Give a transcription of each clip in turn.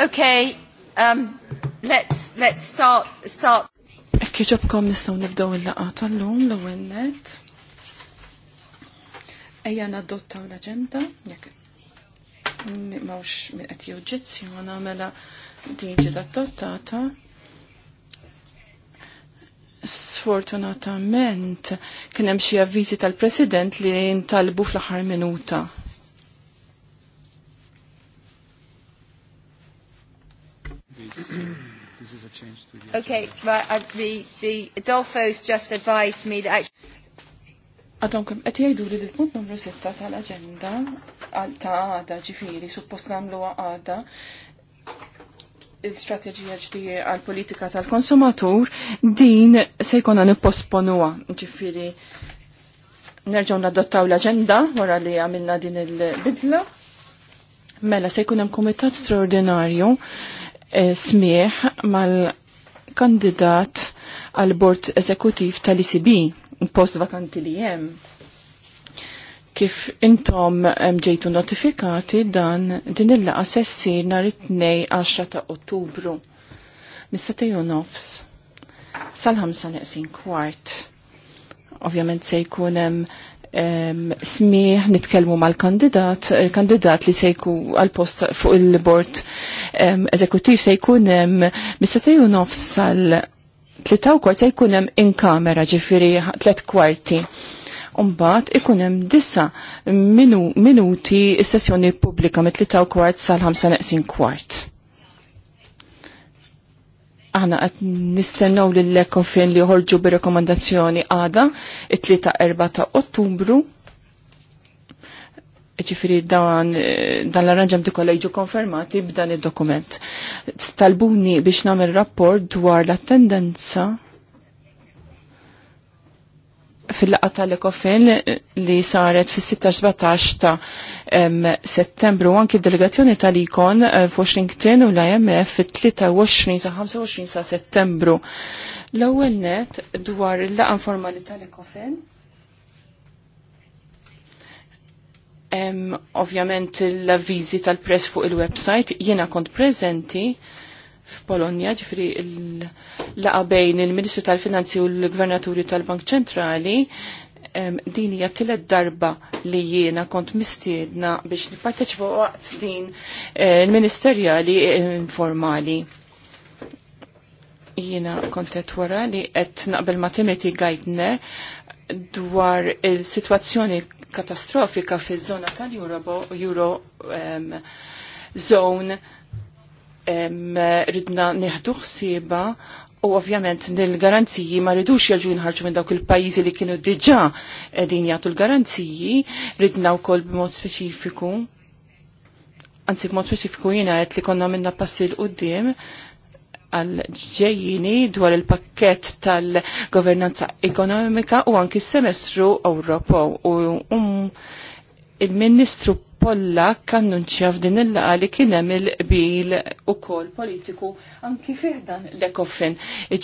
Okay, um, let's, let's start, start. Kieġobkom nistaw nibdow il-laqa tal-lum l għennet Ejja nadottaw l-agenda, jek mawx minn qed joġġizzi ma nagħmela diġi adottata. Sfortunatament kienem xie xi tal-President li ntalbu fl ħar minuta change to the Okay, right, uh, the, the Adolfo's just advised me that actually... Għadonkom, għet jajdu li l-punt numru 6 tal-agenda ta' għada ġifiri, suppost namlu għada il-strategija ġdija għal-politika tal-konsumatur, din se jkonna nipposponuwa ġifiri. Nerġaw nadottaw l-agenda wara li għamilna din il-bidla. Mela se jkun komitat straordinarju Eh, smieħ mal-kandidat għal bord eżekutiv tal-ICB, post vakanti li jem. Kif intom ġejtu notifikati dan din il-laqa sessir nar 2-10 ta' ottubru. nissa teju nofs sal-ħamsa neqsin kwart. Ovvjament se jkun hemm um, smieħ nitkellmu mal-kandidat, kandidat li sejku għal-post fuq il-bord um, eżekutiv sejkun um, mistatiju nofs sal tlita kwart sejkun um, in kamera ġifiri tlet kwarti. Umbat ikun hemm disa minu, minuti s-sessjoni pubblika mit-3 kwart sal-5 neqsin kwart. Aħna qed nistennew lil fin li joħorġu bi rekomandazzjoni għada it-3 4 ta' Ottubru. Ġifieri dan, dan l arranġam di jiġu konfermati b'dan id-dokument. Stalbuni biex nagħmel rapport dwar la tendenza fil laqqa tal-Ekofin li saret fil-16-17 ta' settembru anki delegazzjoni tal-Ikon eh, f'Washington u l-IMF fil-23 sa' 25 sa' settembru. L-ewwel net dwar il laqqa informali tal-Ekofin. Ovvjament l-avvizi tal-press fuq il-website jiena kont prezenti f'Polonja, ġifri l-laqa bejn il-Ministru tal-Finanzi u l-Gvernaturi tal-Bank Ċentrali, din hija tilet darba li jiena kont mistiedna biex nipparteċipa waqt din eh, il-ministerjali informali. Jiena kontet wara li qed naqbel ma' Timothy Geithner dwar il-sitwazzjoni katastrofika fiż-żona tal-Euro Euro, zone ridna neħdu ħsieba u ovvjament nil-garanziji ma ridux jaġu nħarġu minn dawk il-pajjiżi li kienu diġà din jagħtu l-garanziji, ridna wkoll b'mod speċifiku. Anzi b'mod speċifiku jiena għet li konna minna passi l qudiem għal ġejjini dwar il-pakket tal-governanza ekonomika u anki semestru Ewropew u um, il-Ministru Pollak kannunċja f'din il-laqa li kien hemm il-qbil ukoll politiku anki dan l ekoffin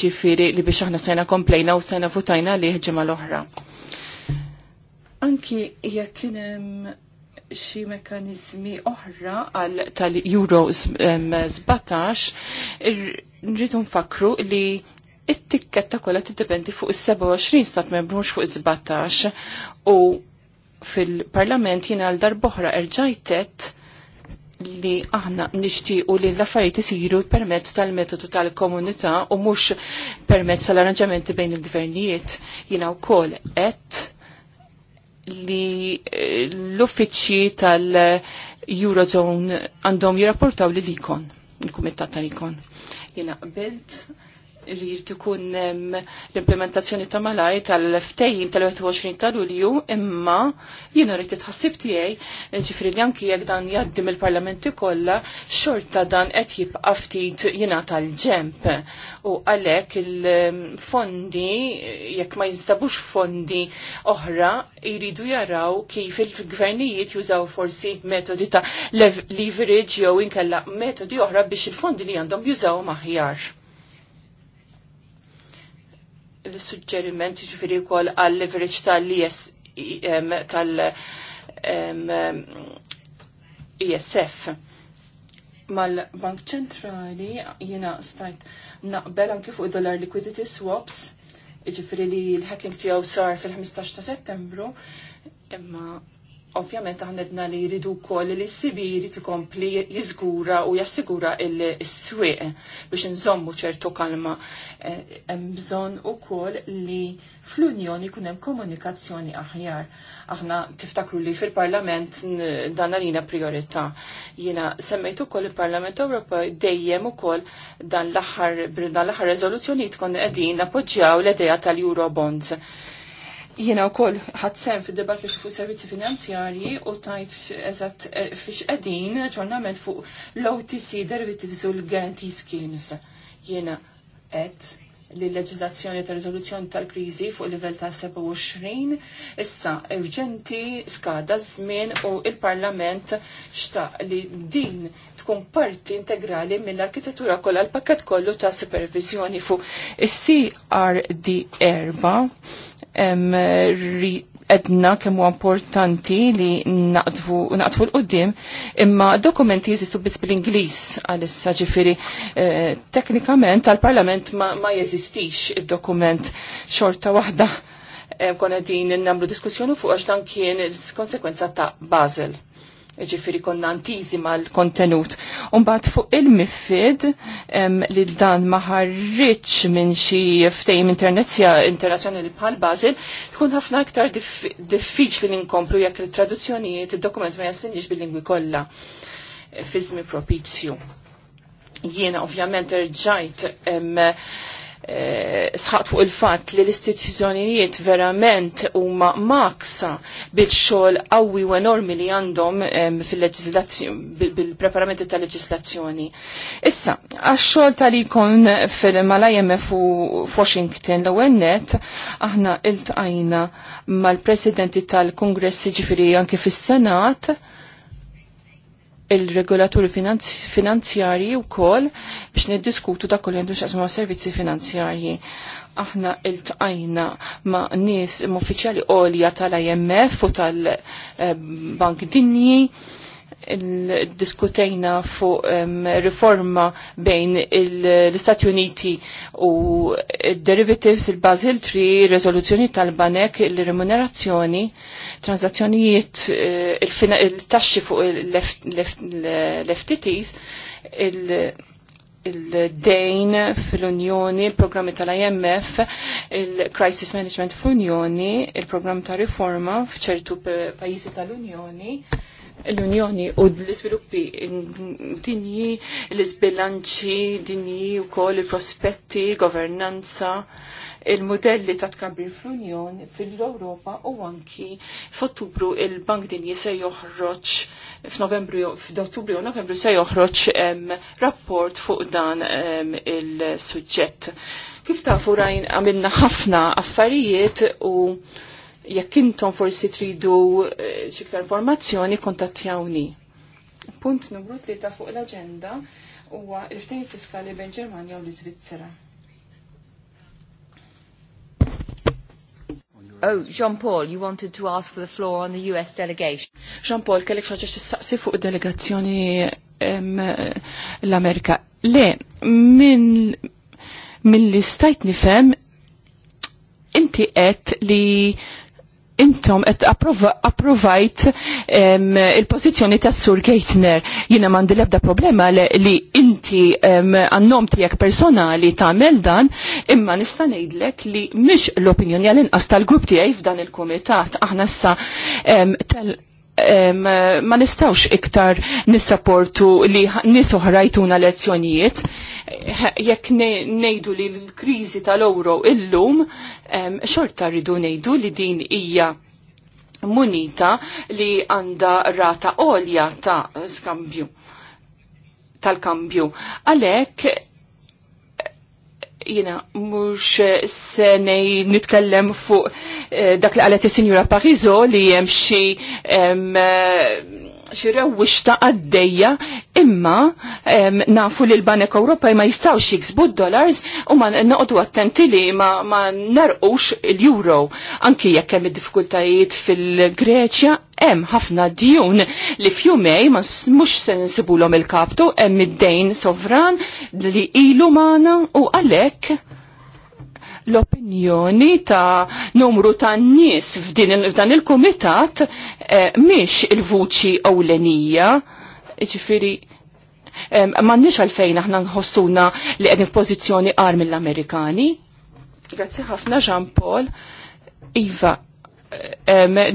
ġifiri li biex aħna sena komplejna u sena futajna li ġimgħa l-oħra. Anki jekk kien hemm xi mekanizmi oħra għal tal-Euro 17 nridu nfakru li it-tikketta kollha tiddependi fuq is-27 stat membru mhux fuq il 17 u fil-parlament jina l-darboħra erġajtet li aħna nixtiequ li l-affarijiet isiru permezz tal-metodu tal-komunità u mhux permezz tal-arranġamenti bejn il-gvernijiet jiena wkoll qed li eh, l-uffiċċji tal-Eurozone għandhom jirrapportaw li l-ikon, il-kumitat tal-ikon. Jina qbilt irrid ikun l-implementazzjoni ta' malaj tal-ftejjim tal-21 ta' Lulju, imma jien rrid itħassib tiegħi ġifri li anki jekk dan jgħaddim il-parlamenti kollha, xorta dan qed jibqa' ftit jiena tal-ġemp. U għalhekk il-fondi jekk ma jinstabux fondi oħra jridu jaraw kif il-gvernijiet jużaw forsi metodi ta' leverage jew inkella metodi oħra biex il-fondi li għandhom jużaw maħjar l-suġġeriment ġifiri kol għal leverage tal-IS tal-ISF mal-Bank ċentrali jina stajt naqbel anki fuq dollar liquidity swaps ġifiri li l-hacking tijaw sar fil-15 ta' settembru imma Ovvjament aħnedna li jridu wkoll li s-sibi tikompli ikompli jiżgura u jassigura il swieq biex nżommu ċertu kalma. Eh, hemm bżonn ukoll li fl-Unjoni jkun hemm komunikazzjoni aħjar. Aħna tiftakru li fil-Parlament dan għalina priorità. Jiena semmejt ukoll il-Parlament Ewropa dejjem ukoll dan l-aħħar dan l-aħħar reżoluzzjoni tkun qegħdin appoġġjaw l-idea tal-Eurobonds Jiena wkoll ħadd sem fid-debatti fuq servizzi finanzjarji u tajt eżatt e, fiex qegħdin ġornament fuq l-OTC derivatives u l-guarantee schemes. Jiena qed li l-leġislazzjoni ta' riżoluzzjoni tal-kriżi fuq livell ta' 27 issa urġenti skada żmien u il-Parlament xtaq li din tkun parti integrali mill-arkitettura kollha l-pakket kollu ta' supervizjoni fuq is-CRD erba' edna kemmu importanti li naqtfu l-qoddim imma dokumenti jesistu bis bil-Inglis għalissa ġifiri eh, teknikament għal-parlament ma, ma jeżistix il-dokument xorta wahda eh, konna din namlu diskussjoni fuq għax dan kien il-konsekwenza ta' Basel ġifiri konna antizi l kontenut Umbat fuq il-mifid li dan maħarriċ minn xie ftejm internazjonali bħal Basil, tkun ħafna aktar diffiċ li ninkomplu jekk il-traduzzjonijiet il-dokument ma jassinġ bil-lingwi kollha fizmi propizju. Jiena ovvjament rġajt Eh, sħat fuq il-fat li l-istituzzjonijiet verament huma maksa bil-xogħol qawwi u enormi li għandhom bil-preparamenti tal-leġislazzjoni. Issa, għax-xogħol tal-ikon mal-IMF u Washington l net aħna il-tajna mal-presidenti tal kongressi ġifieri anke fis-Senat il-regolaturi finanzjarji u kol biex niddiskutu ta' kol jendu xasma servizzi finanzjarji. Aħna il-tqajna ma nis uffiċjali olja tal-IMF u tal-Bank eh, Dinji diskutejna fuq um, riforma bejn l-Istati Uniti u derivatives, il-Basil 3, rezoluzzjoni tal-banek, il-remunerazzjoni, transazzjonijiet, eh, il-taxxi fuq l-FTTs, il-dejn fil-Unjoni, il-programmi tal-IMF, il-Crisis Management fl-Unjoni, il-programmi ta' riforma fċertu pajizi tal-Unjoni l-Unjoni u l isviluppi dinji, l isbilanċi dinji u kol il-prospetti, governanza, il-modelli ta' tkabri fl-Unjon fil-Europa u anki f'Ottubru il-Bank Dinji se joħroġ f'Novembru f'Ottubru u Novembru se joħroġ rapport fuq dan il-suġġett. Kif ta' furajn għamilna ħafna affarijiet u jekk intom forsi tridu eh, xiktar informazzjoni kontattjawni. Punt numru 3 fuq l-agenda huwa l ftehim fiskali bejn Ġermanja u l-Iżvizzera. Oh, Jean Paul, you wanted to ask for the floor on the US delegation. Jean Paul, kellek xaġa xissaqsi fuq delegazzjoni l-Amerika. Le, minn min li stajt nifem, inti qed li intom qed approvajt il-pożizzjoni tas Sur Geithner. Jiena m'għandi l-ebda problema li inti għannom tiegħek personali tagħmel dan, imma nista' ngħidlek li mhix l-opinjoni għal inqas tal-grupp tiegħi f'dan il-kumitat aħna issa ma nistawx iktar nissapportu li nisu ħrajtuna lezzjonijiet. Jekk nejdu li l-krizi tal-euro illum, xorta rridu nejdu li din hija munita li għanda rata olja ta' skambju tal-kambju. Għalek jina mux senej nitkellem fuq eh, dak li għalet il-Sinjura Parizo li jem xi rewwixta għaddejja imma nafu li l-Banek Ewropa ma jistgħux jiksbu dollars u ma noqogħdu attenti li ma, ma narqux l-euro anki jekk hemm id-diffikultajiet fil-Greċja hemm ħafna djun li fjumej ma mhux se nsibulhom il-kaptu hemm id-dejn sovran li ilu magħna u għalhekk l-opinjoni ta' numru ta' nies f'dan il-komitat eh, miex il-vuċi ewlenija, ġifiri eh, ma' nix għalfejn aħna nħossuna li għedin pozizjoni għar mill-Amerikani. Grazzi ħafna Jean Paul. Iva,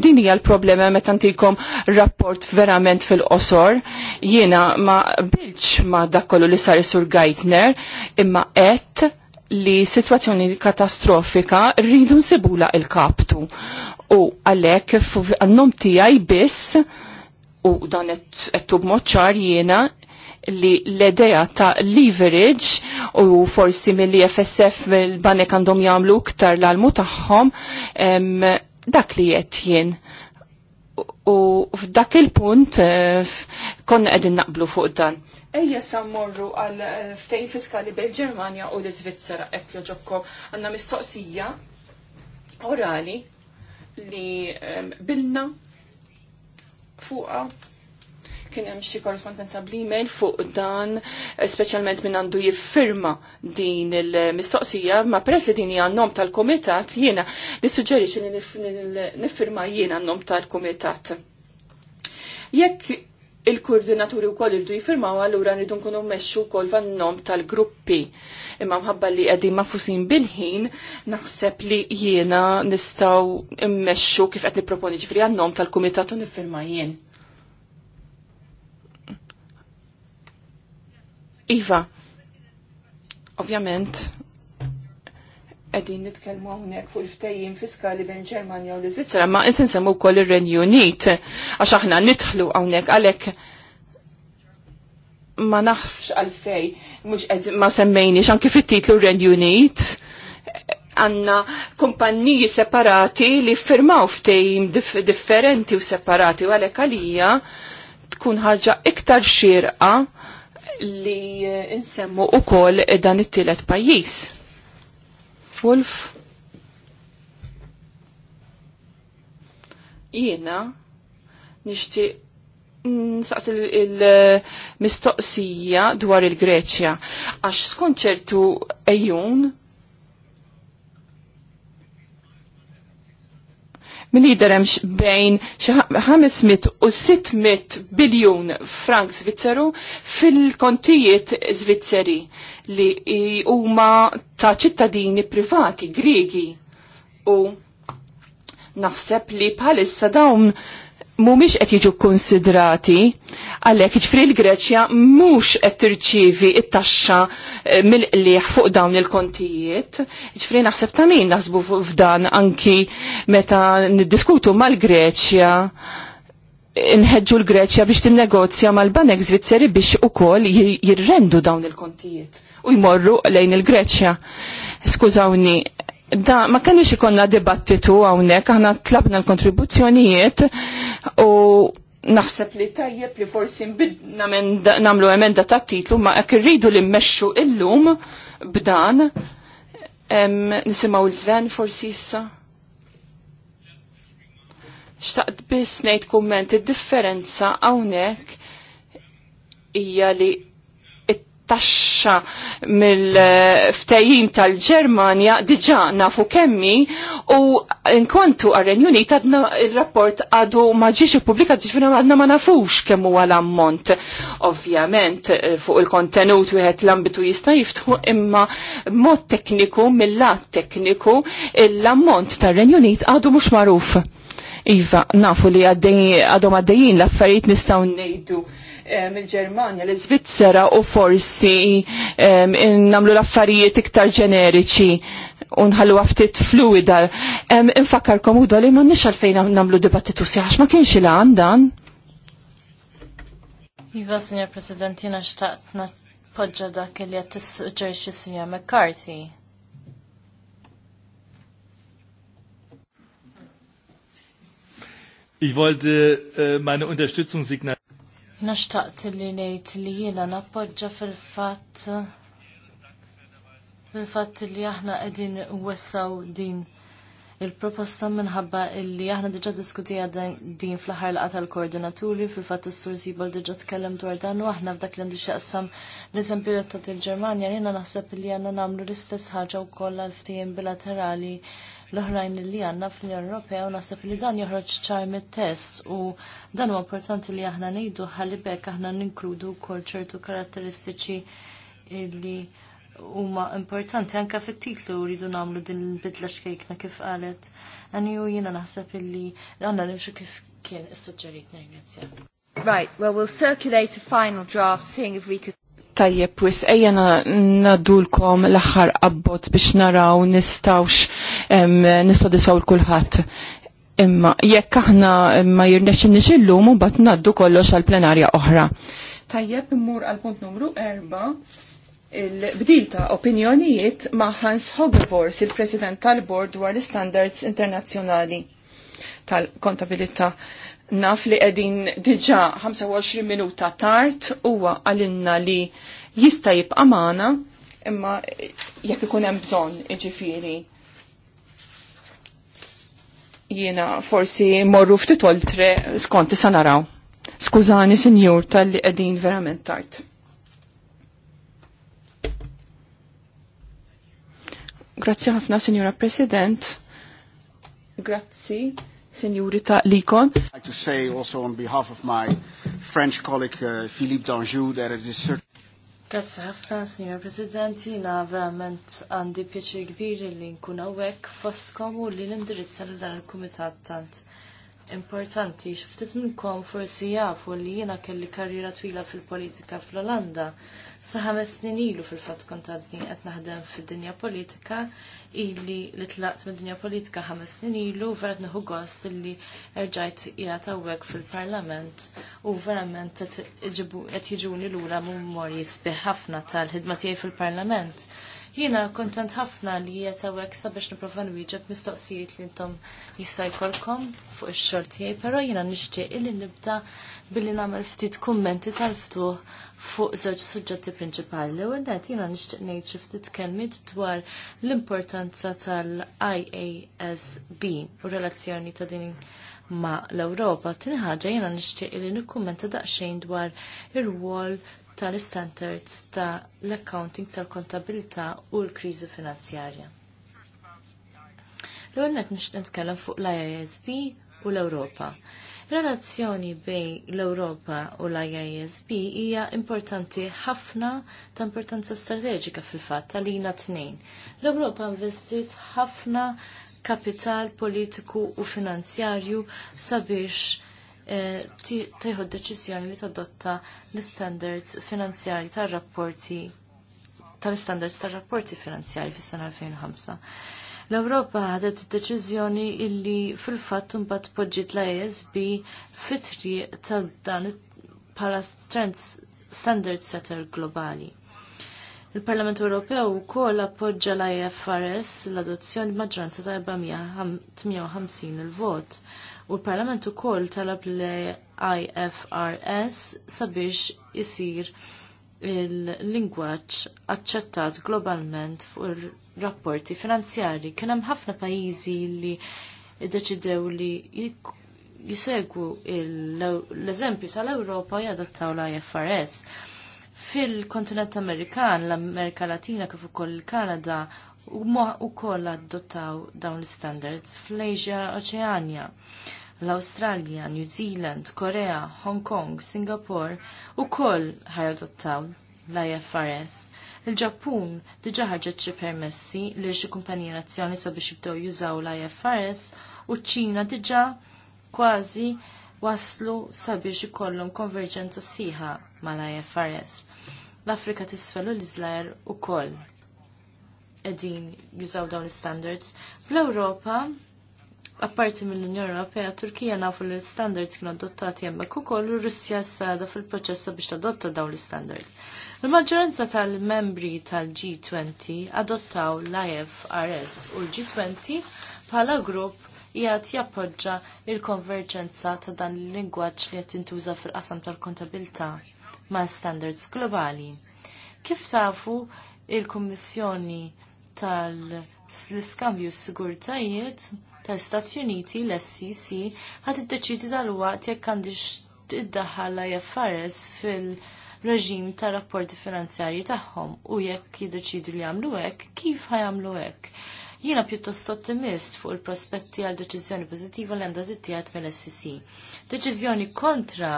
din hija l-problema meta tantikom rapport verament fil-qosor. Jiena ma bilċ ma dakollu li sar sur Geithner imma qed li situazzjoni katastrofika rridu nsibula il-kaptu. U għalek għannom tijaj biss, u dan għettu b'moċċar jena, li l-edeja ta' leverage u forsi mill-li FSF mill-banek għandhom jamlu ktar l-almu taħħom dak li jett jien U f'dak il-punt eh, konna qegħdin naqblu fuq dan. Ejja sa morru għal eh, ftejn fiskali bil-Ġermanja u l svizzera qed joġokko, għandna mistoqsija orali li eh, bilna fuqa Kien hemm xi korrespondenza bl-email fuq dan, speċjalment minn għandu jiffirma din il-mistoqsija, ma presidini għannom tal-kumitat jiena nissuġġeri li niffirma jiena nom tal-kumitat. Jekk il-koordinaturi u koll irdu jifirmaw għallura rridu nkunu meċu koll vannom tal-gruppi. Imma mħabba li għedin mafusin bil-ħin, naħseb li jiena nistaw immeċu kif għed niproponi ġifri għannom tal-komitatu nifirma jien. Iva, ovvjament, għedin nitkelmu għonek fuq il-ftejjim fiskali bejn Ġermanja u l-Svizzera, ma n nsemmu wkoll ir-Renju Unit, għax aħna nidħlu hawnhekk għalhekk ma nafx għalfej, mhux ma semmejni kif fit-titlu Renju Unit, għanna kumpanniji separati li firmaw ftejjim differenti u separati u għalhekk għalija tkun ħaġa iktar xirqa li insemmu u kol dan it-tielet pajjiż. Wolf. Jiena nixtieq nsaqs il-mistoqsija dwar il-Greċja. Għax skonċertu ċertu ejjun Min jiderem bejn 500 u 600 biljun frank Svizzeru fil-kontijiet Svizzeri li huma ta' ċittadini privati Griegi u naħseb li bħalissa dawn mumiex qed jiġu konsidrati għalhekk jiġifieri l-Greċja mhux qed tirċievi t taxxa eh, mill-qliħ fuq dawn il-kontijiet. Jiġifieri naħseb ta' min naħsbu f'dan anki meta niddiskutu mal-Greċja inħedġu l-Greċja biex tinnegozja mal-Banek Zvizzeri biex ukoll jirrendu dawn il-kontijiet u jmorru lejn il-Greċja. Skużawni, da ma kenniex ikonna dibattitu hawnhekk aħna tlabna l-kontribuzzjonijiet u naħseb li tajjeb li forsi nagħmlu emenda ta' titlu ma jekk irridu li mmexxu illum b'dan nisimgħu l-Sven forsi issa. Xtaqt biss ngħid kumment id-differenza hawnhekk hija li taxxa mill-ftejjin tal-Ġermanja diġà nafu kemmi u inkontu għar-Renju tadna il-rapport għadu ma ġiex ippubblikat ġifina għadna ma nafux kemm huwa l-ammont. Ovvjament eh, fuq il-kontenut wieħed l-ambitu jista' jiftħu imma mod tekniku mill-lat tekniku l-ammont tar-Renju Unit għadu mhux magħruf. Iva, nafu li għaddejn għadhom għaddejjin l-affarijiet nistgħu ngħidu mill-Ġermanja, l svizzera u forsi namlu l-affarijiet iktar ġeneriċi unħallu għaftit fluida. Infakarkom u li ma nix għalfejn namlu dibattitu siħax, ma kienx il għandan. Iva, Signor President, jina xtaqt poġġa dak li għat ġerxi Signor McCarthy. Ich wollte äh, meine Unterstützung signalisieren. Naxtaqt li nejt li jiena nappoġġa fil-fatt fil-fatt li aħna qegħdin wessaw din il-proposta minħabba illi aħna diġà diskutija din fl-ħar laqa tal-koordinaturi fil-fatt is-sur Sibol diġà tkellem dwar dan u aħna f'dak li għandu xaqsam l-eżempju ta' il-Ġermanja jiena naħseb li għandna nagħmlu l-istess ħaġa wkoll għal ftehim bilaterali l-oħrajn li għanna fl-Unjoni Ewropea u naħseb li dan joħroġ ċar test u dan huwa importanti li aħna ngħidu ħalli bekk aħna ninkludu wkoll ċertu karatteristiċi li huma importanti anke fit-titlu rridu nagħmlu din il-bidla xkejkna kif qalet. Għani u jiena naħseb illi għandna nimxu kif kien is-suġġerit ringrazzja. Right, well we'll circulate a final draft seeing if we could Tajjeb, wis ejja nadulkom l-aħħar abbot biex naraw nistawx nistodisaw l-kulħadd. Imma jekk aħna ma jirnexxinniex illum u bat naddu kollox għal plenarja oħra. Tajjeb immur għal punt numru 4 il-bdil ta' opinjonijiet ma' Hans Hogevors, il-President tal-Bord dwar l-Standards Internazzjonali tal-Kontabilità naf li edin diġa 25 minuta tard huwa għalinna li jista jibqa' magħna imma jekk ikun hemm bżonn iġifieri jiena forsi morru ftit oltre skonti sa naraw. Skużani sinjur tal-li qegħdin verament tard. Grazzi ħafna, Sinjura President. Grazzi Senjurita ta' likon. I'd like to say also on behalf of my French colleague uh, Philippe Danjou that it is certain Grazie ħafna, Signor Presidenti, na verament għandi pieċi kbir li nkun hawnhekk fostkom u li l-indirizza li dan il-kumitat tant importanti. Xiftit minnkom forsi jafu li jena kelli karriera twila fil-politika fl-Olanda. fil politika fl olanda sa ħames snin ilu fil-fatt kontadni għadni qed naħdem fid-dinja politika illi li tlaqt mid-dinja politika ħames snin ilu vera nieħu gost illi erġajt qiegħed hawnhekk fil-Parlament u verament qed jiġuni lura mummor jisbi ħafna tal-ħidma tiegħi fil-Parlament. Jiena kontent ħafna li qiegħed sabiex nipprova nwieġeb mistoqsijiet li intom jista' jkollkom fuq ix xorti tiegħi, però jiena nixtieq illi nibda billi nagħmel ftit kummenti tal-ftuħ fuq żewġ suġġetti prinċipali. L-ewwel jina jiena nixtieq ngħid xi ftit kelmiet dwar l-importanza tal-IASB u relazzjoni ta' din ma' l-Ewropa. Tieni ħaġa jiena nixtieq illi nikkummenta daqsxejn dwar ir wall tal-standards tal accounting tal-kontabilità u l-kriżi finanzjarja. L-għonet nix nitkellem fuq l-IASB u l-Europa. Relazzjoni bejn l-Europa u l-IASB hija importanti ħafna ta' importanza strateġika fil-fatt għalina tnejn. L-Europa investit ħafna kapital politiku u finanzjarju sabiex eh, tieħu deċiżjoni li tadotta l-standards finanzjari tar-rapporti tal-standards tar-rapporti finanzjari fis-sena 2005. L-Ewropa ħadet id-deċiżjoni illi fil-fatt mbagħad poġġiet la ESB fitri ta' dan bħala standard setter globali. Il-Parlament Ewropew ukoll appoġġa l IFRS l-adozzjoni maġġoranza ta' 458 il-vot u l-Parlament ukoll talab l IFRS sabiex isir il-lingwaġġ aċċettat globalment fuq rapporti finanzjari. Kien hemm ħafna pajjiżi li iddeċidew li jisegwu l-eżempju tal-Ewropa jadattaw l-IFRS. Fil-kontinent Amerikan, l-Amerika Latina kif ukoll il-Kanada ukoll adottaw dawn l-standards fl-Asia Oceania l australia New Zealand, Korea, Hong Kong, Singapore u koll ħajadottaw l-IFRS. Il-Ġappun diġa ħarġet xi permessi li xi kumpaniji nazzjoni sabiex jibdew jużaw l-IFRS u ċ-Ċina diġa kważi waslu sabiex ikollhom konverġenza sieħa mal-IFRS. L-Afrika tisfel u l-Iżlajer ukoll qegħdin jużaw dawn l-standards. Fl-Ewropa apparti mill-Unjoni Ewropea, Turkija nafu li l-standards kienu adottati hemmhekk ukoll u Russja s-sada fil-proċess biex tadotta dawn l-standards. Il-maġġoranza tal-membri tal-G20 adottaw l-IFRS u l-G20 bħala grupp jgħat jappoġġa il-konverġenza ta' dan il-lingwaġġ li qed intuża fil-qasam tal-kontabilta ma' standards globali. Kif tafu il-Kummissjoni tal-Iskambju s-Sigurtajiet tal-Stati Uniti, l-SCC, għat id-deċidi tal waqt jekk għandix id-daħħal IFRS fil- reġim ta' rapporti finanzjarji tagħhom u jekk jiddeċidu li jagħmlu hekk, kif ħajamlu hekk. Jiena pjuttost ottimist fuq il-prospetti għal deċiżjoni pożittiva li għandha tittieħed mill-SCC. Deċiżjoni kontra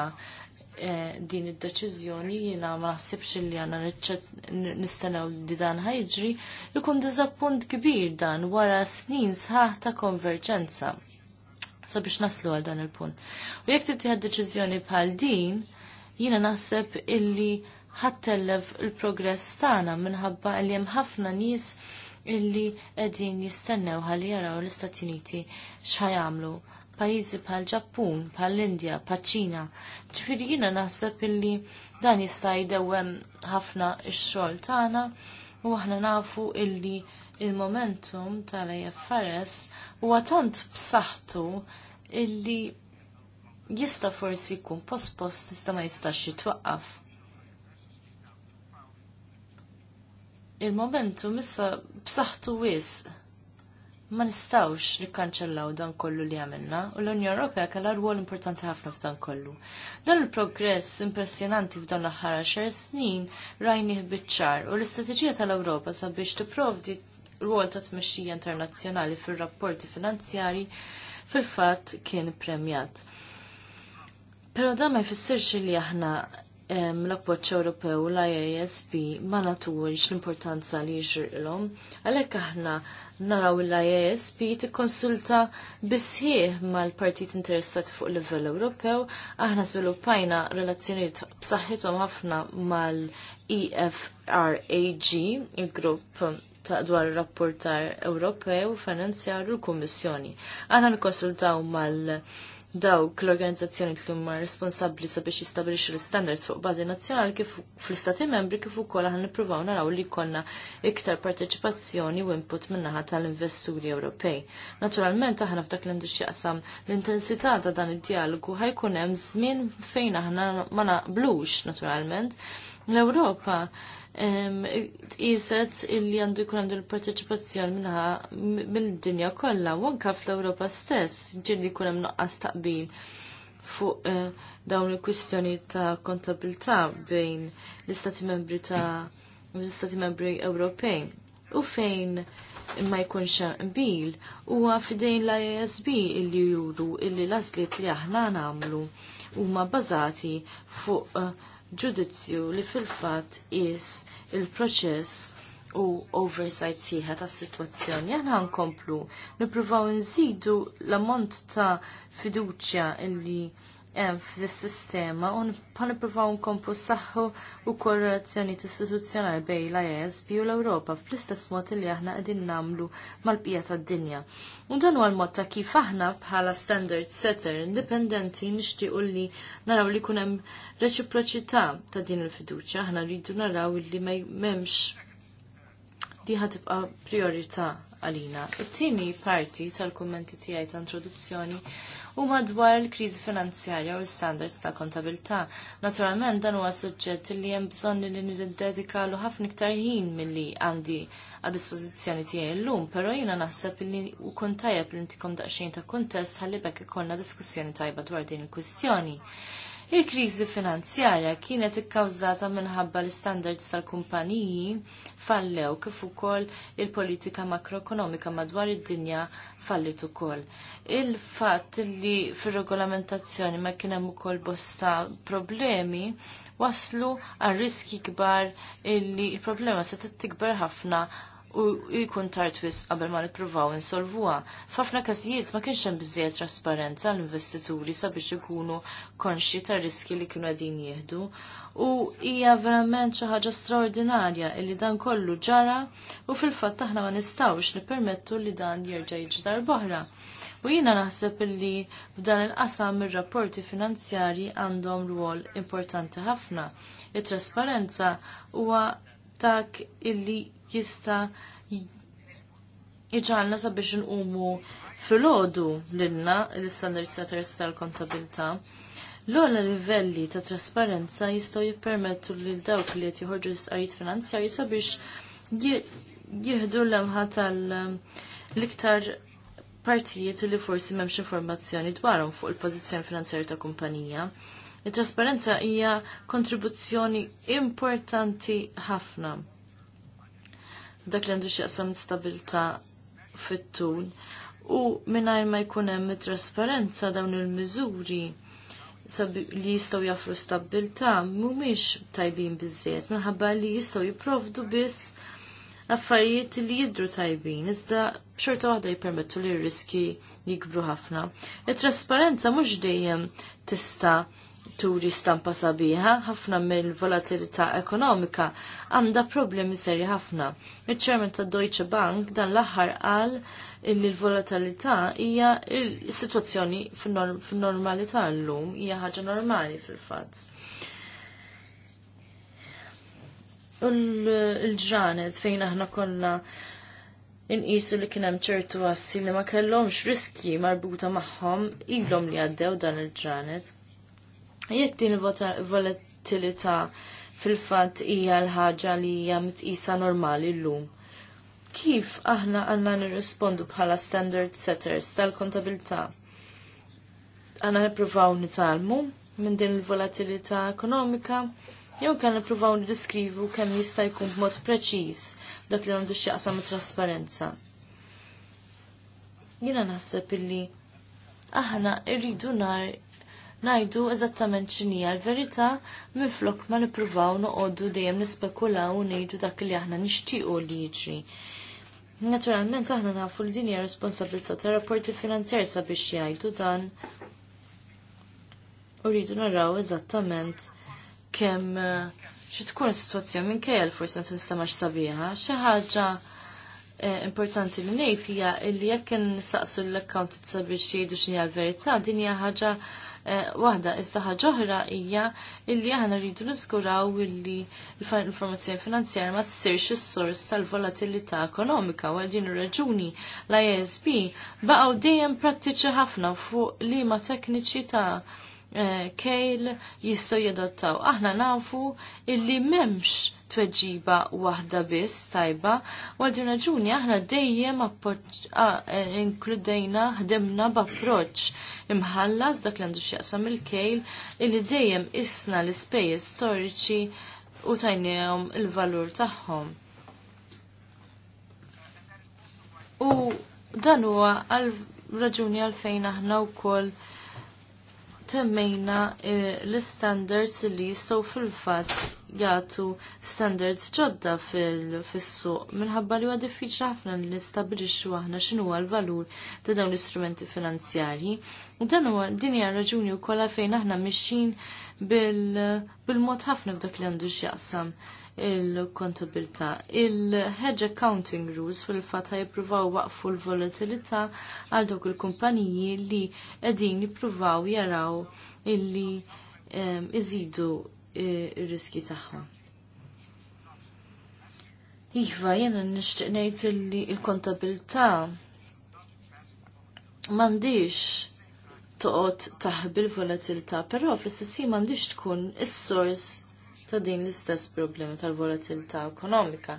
eh, din id-deċiżjoni jiena ma naħsibx li għandna nistennew li dan ħajġri ikun diżappunt kbir dan wara snin sħaħ ta' konverġenza sabiex naslu għal dan il-punt. U jekk tittieħed deċiżjoni bħal din, jiena naħseb illi ħattellev il-progress tagħna minħabba li hemm ħafna nies illi qegħdin jistennew ħalli jaraw l-Istati Uniti x'ħajamlu pajjiżi bħal Ġappun, bħal Indja, bħal Ċina. Ġifieri jiena naħseb illi dan jista' jdewwem ħafna x-xogħol tagħna u aħna nafu illi il-momentum tal-IFRS huwa tant b'saħħtu illi jista forsi jkun post iżda ma jistax jitwaqqaf. Il-momentu missa b'saħħtu wisq ma nistawx nikkanċellaw dan kollu li għamilna u l-Unjoni Ewropea kellha rwol importanti ħafna f'dan kollu. Dan il-progress impressjonanti f'dan l-aħħar xar snin rajnih biċ-ċar u l-istrateġija tal-Ewropa sabiex tipprovdi rwol ta' tmexxija internazzjonali fir-rapporti finanzjari fil-fatt kien premjat. Pero dan ma jfissirx li aħna l-appoċ Ewropew l-IASB ma naturx l-importanza li jxirqilhom, għalhekk aħna naraw l-IASB tikkonsulta bisħieħ mal-partit interessati fuq livell Ewropew, aħna żviluppajna relazzjonijiet b'saħħithom ħafna mal-EFRAG, il-grupp ta' dwar rapportar Ewropew finanzjar u l-Kummissjoni. Aħna nikkonsultaw mal- dawk l-organizzazzjoni li huma responsabbli sabiex jistabilixxu l-standards fuq bażi nazzjonali kif fl-istati membri kif ukoll aħna nippruvaw naraw li jkollna iktar parteċipazzjoni u input min-naħa tal-investuri Ewropej. Naturalment aħna f'dak l-industri qasam l-intensità ta' dan id-dialogu ħajkun hemm żmien fejn aħna ma naqblux naturalment. L-Ewropa tqiset illi għandu jkun għandu l-parteċipazzjoni minnha mill-dinja kollha u anke fl-Ewropa stess ġieli jkun hemm noqqas taqbil fuq eh, dawn il-kwistjoni ta' kontabilità bejn l-Istati Membri ta' l-Istati Membri Ewropej u fejn ma jkunx bil huwa fidejn l-IASB illi juru il l-għażliet li aħna nagħmlu huma bbażati fuq uh, ġudizzju li fil-fatt is il-proċess u oversight sieħa ta' situazzjoni. Aħna nkomplu nippruvaw nżidu l-ammont ta' fiduċja illi hemm fis-sistema u pa nippruvaw nkompu saħħu u korrelazzjonijiet istituzzjonali bejn l-ISB u l-Ewropa fl-istess mod li aħna qegħdin nagħmlu mal-bqija tad-dinja. U dan huwa l-mod ta' kif aħna bħala standard setter indipendenti nixtiequ li naraw li kun hemm reċiproċità ta' din il-fiduċja, aħna rridu naraw li m'hemmx diħa tibqa' priorità għalina. It-tieni parti tal-kummenti tiegħi ta' introduzzjoni u madwar l-kriżi finanzjarja u l-standards ta' kontabilità. Naturalment dan huwa suġġett li hemm bżonn li niddedikalu ħafna iktar ħin milli għandi għad dispożizzjoni tiegħi llum, però jiena naħseb li u tajjeb li ntikom daqsxejn ta' kuntest ħallibek bekk ikollna diskussjoni tajba dwar din il-kwistjoni. Il-kriżi finanzjarja kienet ikkawżata minħabba l-standards tal-kumpaniji fallew kif ukoll il-politika makroekonomika madwar id-dinja fallit ukoll il-fatt li fir-regolamentazzjoni ma kien hemm ukoll bosta problemi waslu għal riski kbar illi il-problema se tikbar ħafna u jkun tartwis qabel ma nippruvaw insolvuha. F'ħafna każijiet ma kienx hemm biżejjed trasparenza l-investituri sabiex ikunu konxi tar riski li kienu qegħdin jieħdu. U hija verament xi ħaġa straordinarja li dan kollu ġara u fil-fatt aħna ma nistgħux nippermettu li dan jerġa' jiġi darb'oħra. U jina naħseb li f'dan il-qasam ir-rapporti finanzjari għandhom rwol importanti ħafna. Il-trasparenza huwa dak illi jista' iġanna sabiex nqumu fil-ħodu l-inna l-standard tal-kontabilta. L-ola livelli ta' trasparenza jistaw jippermettu li dawk li qed joħorġu l-istqarijiet finanzjarji sabiex jieħdu l-emħa tal-iktar partijiet li forsi memx informazzjoni dwarhom fuq il-pożizzjoni finanzjarja ta' kumpanija. Il-trasparenza hija kontribuzzjoni importanti ħafna. Dak li għandu xieqsam stabilta fit-tul. U minnajn ma jkun hemm trasparenza dawn il-miżuri li jistgħu jaffru stabilta mhumiex tajbin biżżejjed minħabba li jistgħu jipprovdu biss affarijiet li jidru tajbin, iżda xorta waħda jipermettu li riski jikbru ħafna. Il-trasparenza mhux dejjem tista' turi stampa sabiħa, ħafna mill-volatilità ekonomika għandha problemi serji ħafna. Il-ċermen ta' Deutsche Bank dan l-aħħar qal illi l-volatilità hija il-sitwazzjoni fin-normalità llum hija ħaġa normali fil-fatt. l-ġranet fejn aħna konna inqisu li kien hemm ċertu għassi li ma kellhomx riski marbuta magħhom ilhom li għaddew dan il-ġranet. Jekk din il-volatilità fil-fatt hija l-ħaġa li hija mitqisa normali llum. Kif aħna għandna nirrispondu bħala standard setters tal-kontabilità? Għanna nippruvaw nitalmu minn din il-volatilità ekonomika jew kan nippruvaw niddiskrivu kemm jista' jkun b'mod preċiż dak li għandu x'jaqsam trasparenza. Jiena naħseb illi aħna rridu nar najdu eżattament x'inhija l-verità minflok ma nippruvaw noqogħdu dejjem nispekulaw u ngħidu dak li aħna nixtiequ li jiġri. Naturalment aħna nafu li din hija responsabilità ta' rapporti finanzjari sabiex jgħidu dan u rridu naraw eżattament kemm eh, xi tkun is-sitwazzjoni minkejja l-forsi tinstema' sabiħa, xi ħaġa eh, importanti li ngħid hija li jekk nistaqsu l-accountant sabiex jgħidu x'inhi l-verità, din hija ħaġa eh, waħda iżda ħaġa oħra hija li aħna rridu niskuraw illi l-informazzjoni finanzjarja ma tsirx is-sors tal-volatilità ekonomika u għal din ir-raġuni l-ISB baqgħu dejjem prattiċi ħafna fuq liema tekniċi ta' Eh, kejl jistgħu jadottaw. Aħna nafu illi m'hemmx tweġiba waħda biss tajba, u għal din raġuni aħna dejjem eh, inkludejna ħdemna b'approċċ imħallas dak li għandu x'jaqsam il-kejl illi dejjem isna l-ispejjeż storiċi u tajnijom il-valur tagħhom. U dan huwa għal raġuni għalfejn aħna wkoll koll temmejna eh, l-standards li jistgħu fil-fatt jagħtu standards ġodda fil-suq minħabba li huwa diffiċli ħafna li nistabilixxu aħna x'inhu l-valur ta' dawn l-istrumenti finanzjarji. U dan huwa din hija raġuni wkoll fejn aħna mixin bil-mod ħafna f'dak li għandu x'jaqsam il-kontabilta. Il-hedge accounting rules fil fatta jippruvaw waqfu l-volatilità għal dawk il-kumpaniji li qegħdin jippruvaw jaraw illi ehm, iżidu e, il riski tagħhom. Iva, jena nishtiq ngħid illi il-kontabilità m'għandix toqgħod taħbil volatilta, volatilità però fl-istess m'għandix tkun is-sors ta' din l-istess problemi tal-volatilità ekonomika.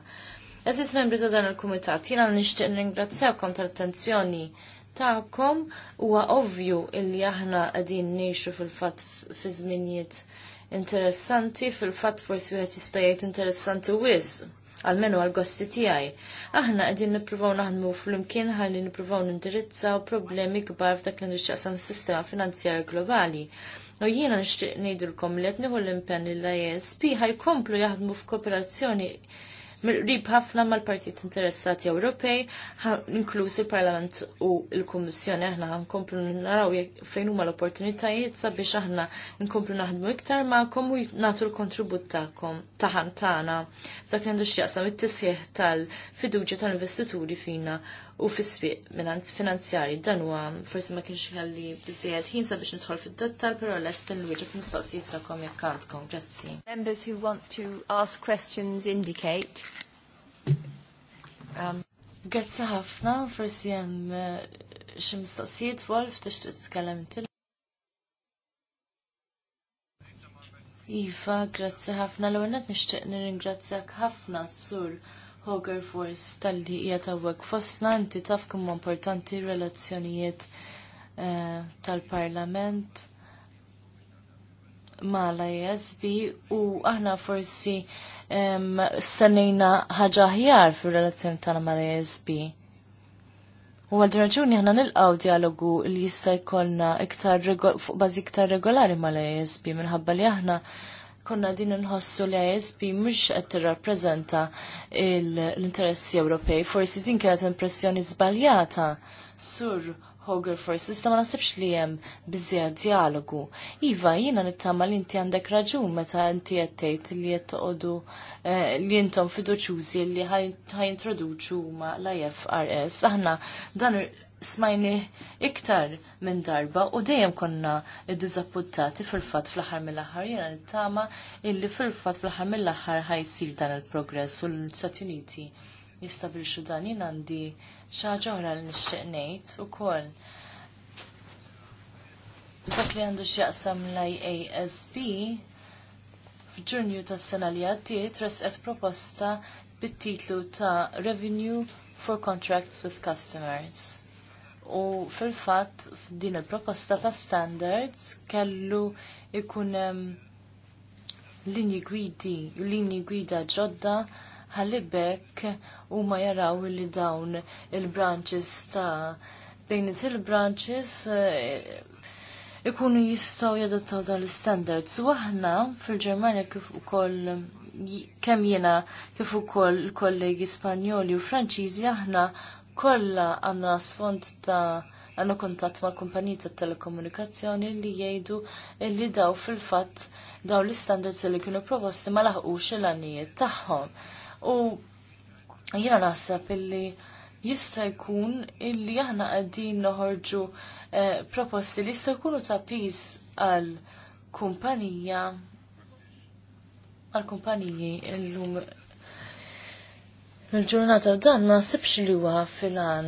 Eżis membri ta' dan il-Kumitat, jiena nixtieq ringrazzjawkom tal-attenzjoni tagħkom huwa ovvju illi aħna għadin ngħixu fil-fatt fi żminijiet interessanti, fil-fatt forsi wieħed jista' jgħid interessanti u għalmenu għal-gosti tijaj. Aħna għedin nipruvaw naħdmu fl-imkien għalli nipruvaw nindirizzaw problemi kbar f'dak l-indirizzaw sistema finanzjar globali. No jiena nixtieq ngħidilkom li qed nieħu l-impenn l-ISP ħajkomplu jaħdmu f'kooperazzjoni qrib ħafna mal-partit interessati Ewropej, inkluż il-Parlament u l-Kummissjoni aħna nkomplu naraw fejn huma l-opportunitajiet sabiex aħna nkomplu naħdmu iktar magħkom u nagħtu l-kontribut tagħkom taħan tagħna. Dak li għandu x'jaqsam it-tisjeħ tal-fiduċja tal-investituri fina u fis-swieq minant finanzjari dan huwa forsi ma kienx ħalli biżejjed ħin sabiex nidħol fid-dettal però lest il-wieġeb mistoqsijiet tagħkom jekk għandkom. Grazzi. Members who want to ask questions indicate. Um. Grazzi ħafna, forsi hemm eh, xi mistoqsijiet Wolf tixtieq titkellem inti. Iva, grazzi ħafna l-għonet nixtieq nirringrazzjak ħafna sur Hogar Force tal-li qiegħed hawnhekk fostna inti taf kemm importanti r-relazzjonijiet eh, tal-Parlament mala ISB u aħna forsi stennejna ħaġa ħjar fir-relazzjoni tagħna mala ISB. U għal raġuni ħna nilqaw dialogu li jista' jkollna iktar fuq bażi iktar regolari mal-ASB minħabba li aħna konna din nħossu li ISB mhux qed tirrappreżenta l-interessi Ewropej. Forsi din kienet impressjoni żbaljata. Sur Hoger forsi sta ma nasibx li hemm bizzija dialogu. Iva, jiena nittama li inti għandek raġun meta inti qed tgħid li qed toqogħdu eh, li intom fiduċjużi li ħajintroduċu ma la FRS. Aħna dan smajni iktar minn darba u dejjem konna id-dizappuntati fil-fat fl-ħar mill-ħar jena nittama illi fil-fat fl-ħar mill-ħar ħajsir dan il-progress u l-Stati Uniti jistabilxu dan jena għandi xaġa oħra li nixtieq ngħid ukoll. Dak li għandu x'jaqsam l-IASB f'Ġunju tas-sena li għaddiet resqet proposta bit-titlu ta' Revenue for Contracts with Customers u fil-fatt f'din il-proposta ta' standards kellu ikun linji gwidi, linji gwida ġodda ħalibek u ma jaraw li dawn il-branches ta' bejn il-branches eh, ikunu jistaw jadattaw dal standards U aħna fil-Ġermanja kif ukoll kemm jiena kif ukoll il-kollegi Spanjoli u Franċiżi aħna Kolla għandna sfond ta' għandna kuntatt mal kumpaniji tat telekomunikazzjoni li jgħidu li daw fil-fatt dawn l-istandards li kienu proposti ma laħqux il għanijiet tagħhom. U jiena naħseb illi jista' jkun illi aħna qegħdin noħorġu eh, proposti li jista' jkunu ta' piż għal kumpanija għal kumpaniji l il-ġurnata dan ma sibx li huwa filan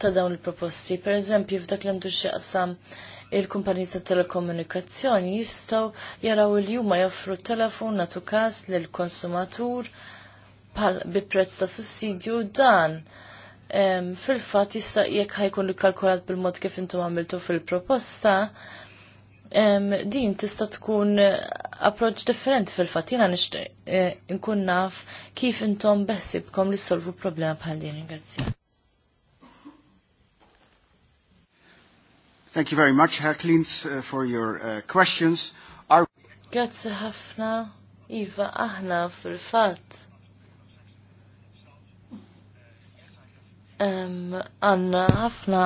ta' dawn il-proposti. Per eżempju, f'dak li għandu xieqsam il-kumpaniji ta' telekomunikazzjoni jistaw jaraw il huma joffru telefon natu kas l konsumatur bi prezz ta' sussidju dan. Fil-fat jista' jekk ħajkun kalkulat bil-mod kif intom għamiltu fil-proposta, din tista tkun approċ differenti fil-fatt jiena nixtieq eh, nkun naf kif intom beħsibkom li solvu problema bħal din. Grazzi. Thank you very much, Herr uh, for your uh, questions. Are... Grazzi ħafna, Iva, aħna fil fat Għanna um, ħafna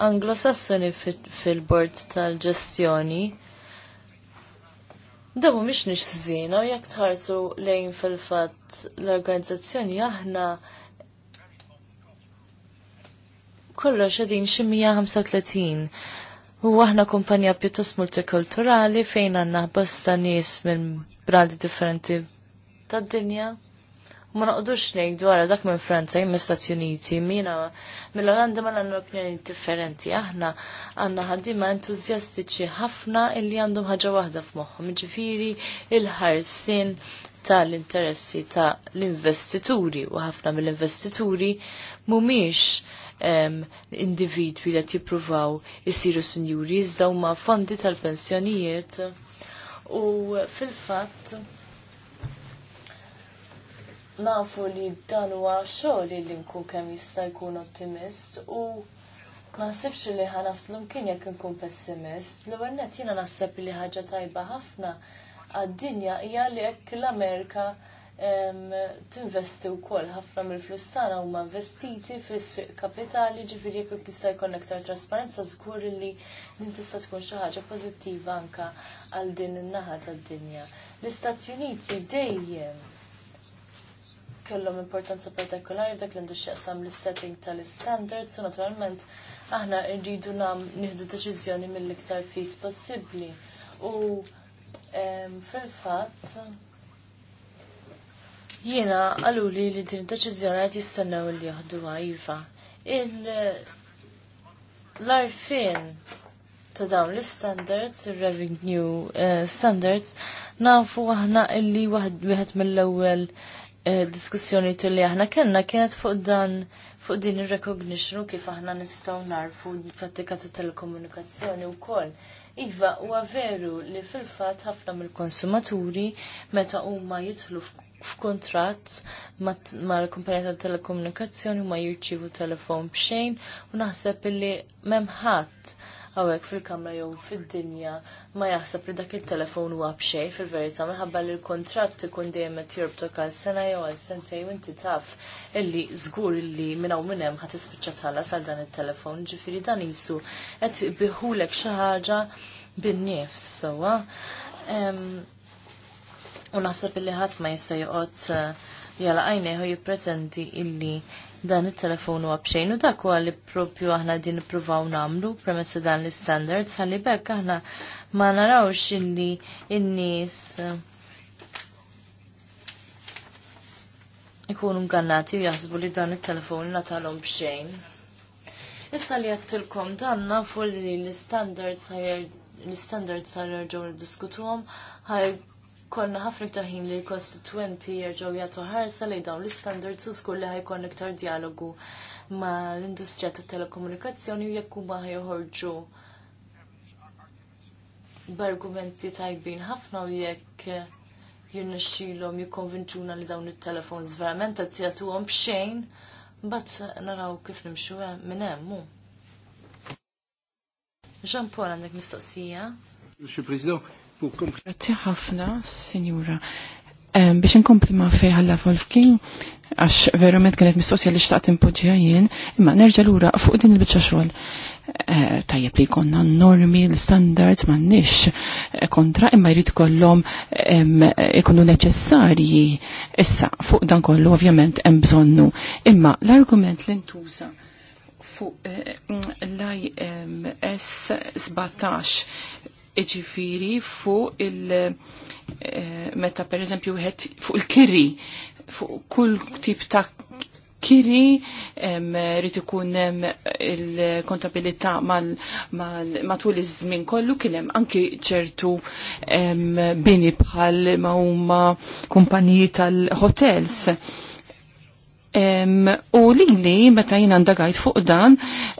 anglosassoni fil-bord tal-ġestjoni. Dabu miex nix zina u jekk tħarsu lejn fil-fat l-organizzazzjoni aħna kollox xi mija 35. U aħna kumpanija pjuttost multikulturali fejn għanna bosta nies minn brandi differenti tad-dinja ma naqdux ngħidu wara dak minn Franza jien stati Uniti, mina mill-Olanda ma għandna opinjoni differenti, aħna għandna ħaddiema entużjastiċi ħafna illi għandhom ħaġa waħda f'moħħhom, ġifiri il-ħarsin tal-interessi ta' l-investituri u ħafna mill-investituri mumiex individwi li jippruvaw isiru sinjuri iżda huma fondi tal-pensjonijiet u fil-fatt nafu li dan huwa xogħol li nkun kemm jista' jkun ottimist u ma nsibx li ħanaslu kien jekk nkun pessimist. L-ewwel nett jiena naħseb li ħaġa tajba ħafna għad-dinja hija li hekk l-Amerika tinvesti u ħafna mill-flus tagħna huma investiti fis-sfiq kapitali ġifieri jekk jista' jkun aktar trasparenza żgur li din tista' tkun xi ħaġa pożittiva anke għal din in-naħa tad-dinja. L-Istati Uniti dejjem kellhom importanza partikolari dak li għandu x'jaqsam lis-setting tal-standards u naturalment aħna rridu nam nieħdu deċiżjoni mill-iktar fis possibbli. U fil-fatt jiena għaluli li din deċiżjoni qed jistennew li jaħduha iva. L-arfin ta' dawn l-standards, il-revenue eh, standards, nafu aħna illi wieħed mill-ewwel Eh, diskussjoni tulli aħna kellna kienet fuq dan fuq din ir-recognition kif aħna nistgħu narfu l-prattika ta' telekomunikazzjoni wkoll. Iva, huwa veru li fil-fatt ħafna mill-konsumaturi meta huma jidħlu f'kuntratt mal-kumpanija ta' telekomunikazzjoni ma jirċivu telefon b'xejn u naħseb li m'hemm ħadd għawek fil-kamra jew fil-dinja ma jaħseb li dak il-telefon huwa b'xej fil-verità minħabba li l-kontratt ikun dejjem qed jorbtok għal sena jew għal sentej u inti taf illi żgur illi minn hawn minn hemm ħadd tispiċċa tħallas għal dan it telefon ġifieri dan isu qed biħulek xi ħaġa bin-nifs sewwa. U naħseb illi ħadd ma jista' joqgħod eh, jala għajneħu jippretendi illi dan it-telefonu għabxejn u dak huwa li propju aħna din nippruvaw namlu premessa dan l-standards ħalli bekk aħna ma narawx illi n-nies eh, ikunu mgannati u jaħsbu li dan it-telefon natalom b'xejn. Issa li għattilkom dan nafu li l-standards l-standards ħarġaw diskutuhom ħaj konna ħafna iktar ħin li l-kostituenti jerġgħu jagħtu ħarsa lejn dawn l-istandards u żgur li ħajkun iktar dialogu ma' l-industrija tat-telekomunikazzjoni u jekk huma ħajħorġu b'argumenti tajbin ħafna u jekk jirnexxilhom jikkonvinċuna li dawn it-telefons verament qed jagħtuhom b'xejn, mbagħad naraw kif nimxu minn hemm hu. Jean Paul għandek mistoqsija. Monsieur Président, Grazie ħafna, Signora. Ehm, biex nkompli ma fej ħalla Volfkin, għax verament kienet mistoqsija li xtaqt impoġġija jien, imma nerġa' lura fuq din il-biċċa xogħol. Eh, tajjeb li jkollna normi, l-standards m'għandniex eh, kontra imma jrid kollhom ehm, ikunu neċessarji. Issa fuq dan kollu ovvjament hemm bżonnu. Imma l-argument li ntuża fuq eh, mm, l-IMS 17 iġifiri fuq il- eh, meta per eżempju wieħed fuq il-kiri, fuq kull tip ta' kiri rrit ikun il-kontabilità matul iż-żmien kollu kien hemm anki ċertu bini bħal ma huma kumpaniji tal-hotels Um, u li li, meta jina ndagajt fuq dan,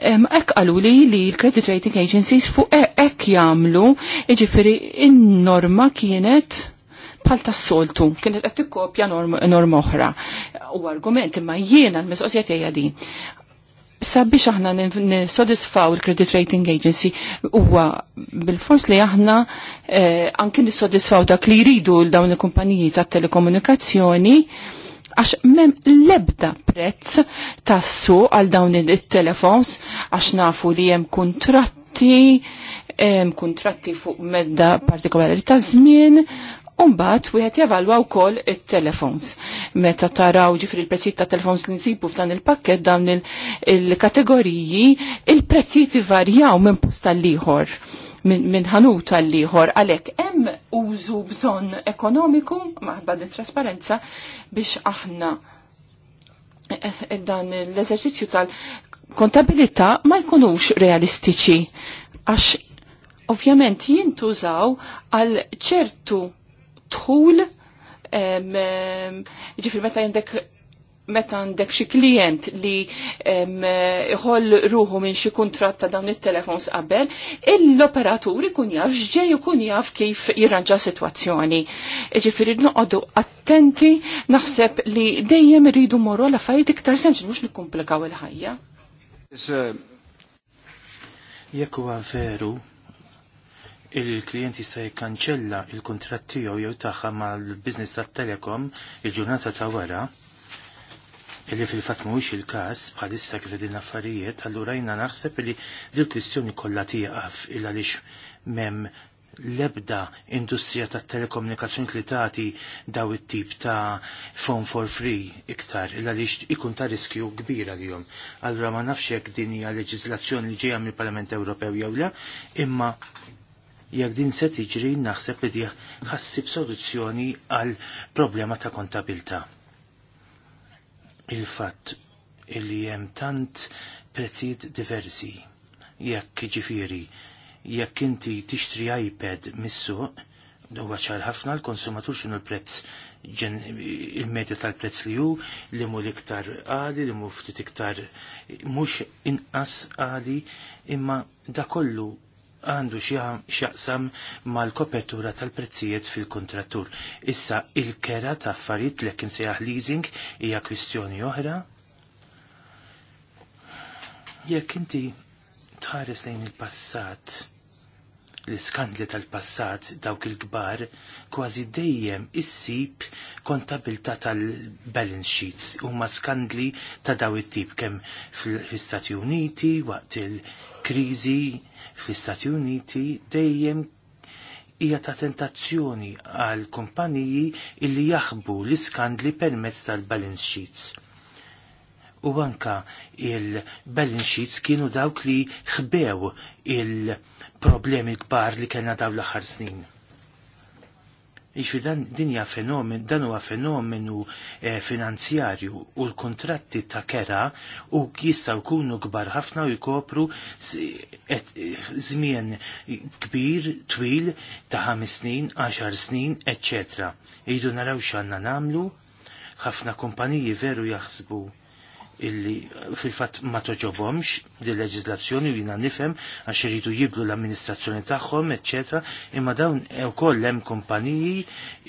um, ek għalu li li l-credit rating agencies fuq e ek jamlu, iġifiri in-norma kienet bħal tas-soltu, kienet qed tikkopja norma oħra. U argument imma jiena l mesqosjet tiegħi din. Sabiex aħna nissodisfaw il-credit rating agency huwa bil-fors li aħna eh, n nissodisfaw dak li jridu l-dawn il-kumpaniji tat-telekomunikazzjoni għax mem lebda prezz tassu għal dawn il-telefons għax nafu li jem kontratti kontratti fuq medda partikolari ta' żmien Umbat, u għet javalwa u koll il-telefons. Meta taraw ġifri il-prezzit ta' telefons li nsibu f'dan il-pakket, dawn il-kategoriji, il-prezziti varjaw minn posta liħor. ieħor minn ħanut għall-liħor għalek hemm użu bżonn ekonomiku maħba trasparenza biex aħna eh, dan l-eżerċizzju tal-kontabilità ma jkunux realistiċi għax ovvjament jintużaw għal ċertu tħul ġifir meta jendek meta għandek xi klient li iħoll ruħu minn xi kuntratt ta' dawn it-telefons qabel, l-operatur ikun jaf x'ġej ikun jaf kif jirranġa sitwazzjoni. Ġifieri noqogħdu attenti naħseb li dejjem iridu morru l-affarijiet iktar sempliċi mhux nikkumplikaw il-ħajja. Jekk huwa veru il-klient jista' jikkanċella il-kuntratt tiegħu jew tagħha mal-business tat-telekom il-ġurnata ta' wara, illi fil-fat mhuwiex il-każ bħalissa kif din affarijiet, allura jina naħseb li dil kwistjoni kollha tieqaf il għaliex mem lebda industrija ta' telekomunikazzjoni li tagħti daw it-tip ta' phone for free iktar illa għaliex ikun ta' riskju kbira għalihom. Allura ma nafx jekk din hija leġiżlazzjoni li ġejja mill-Parlament Ewropew jew le, imma jekk din se tiġri naħseb li ħassib soluzzjoni għal problema ta' kontabilta' il-fatt illi hemm tant prezzijiet diversi. Jekk ġifiri, jekk inti tixtri iPad mis-suq, huwa ċar ħafna l-konsumatur x'inhu l-prezz il-medja tal-prezz li hu li mu l-iktar għali, li mu ftit iktar mhux inqas għali, imma da kollu għandu xaqsam mal-kopertura tal-prezzijiet fil-kontrattur. Issa il-kera ta' affarijiet l sejjaħ leasing hija kwistjoni oħra. Jekk inti tħares lejn il-passat, l-iskandli tal-passat dawk il-kbar kważi dejjem issib kontabilta tal-balance sheets huma skandli ta' daw it-tip kemm fl-Istati Uniti waqt il-kriżi fl-Istati Uniti dejjem hija ta' tentazzjoni għal kumpaniji illi jaħbu l-iskandli permezz tal-balance sheets. U anka il-balance sheets kienu dawk li ħbew il-problemi kbar li kellna dawn l-aħħar snin. Ixu dan dinja fenomen, dan huwa fenomenu eh, finanzjarju u l-kontratti ta' kera u jistaw kunu kbar ħafna u jkopru żmien kbir, twil ta' 5 snin, 10 snin, etc. Idu naraw x'anna namlu, ħafna kumpaniji veru jaħsbu illi fil-fat ma toġobomx di leġizlazzjoni u jina nifem għax iridu jiblu l-amministrazzjoni tagħhom, etc. Imma dawn ukoll e hemm kumpaniji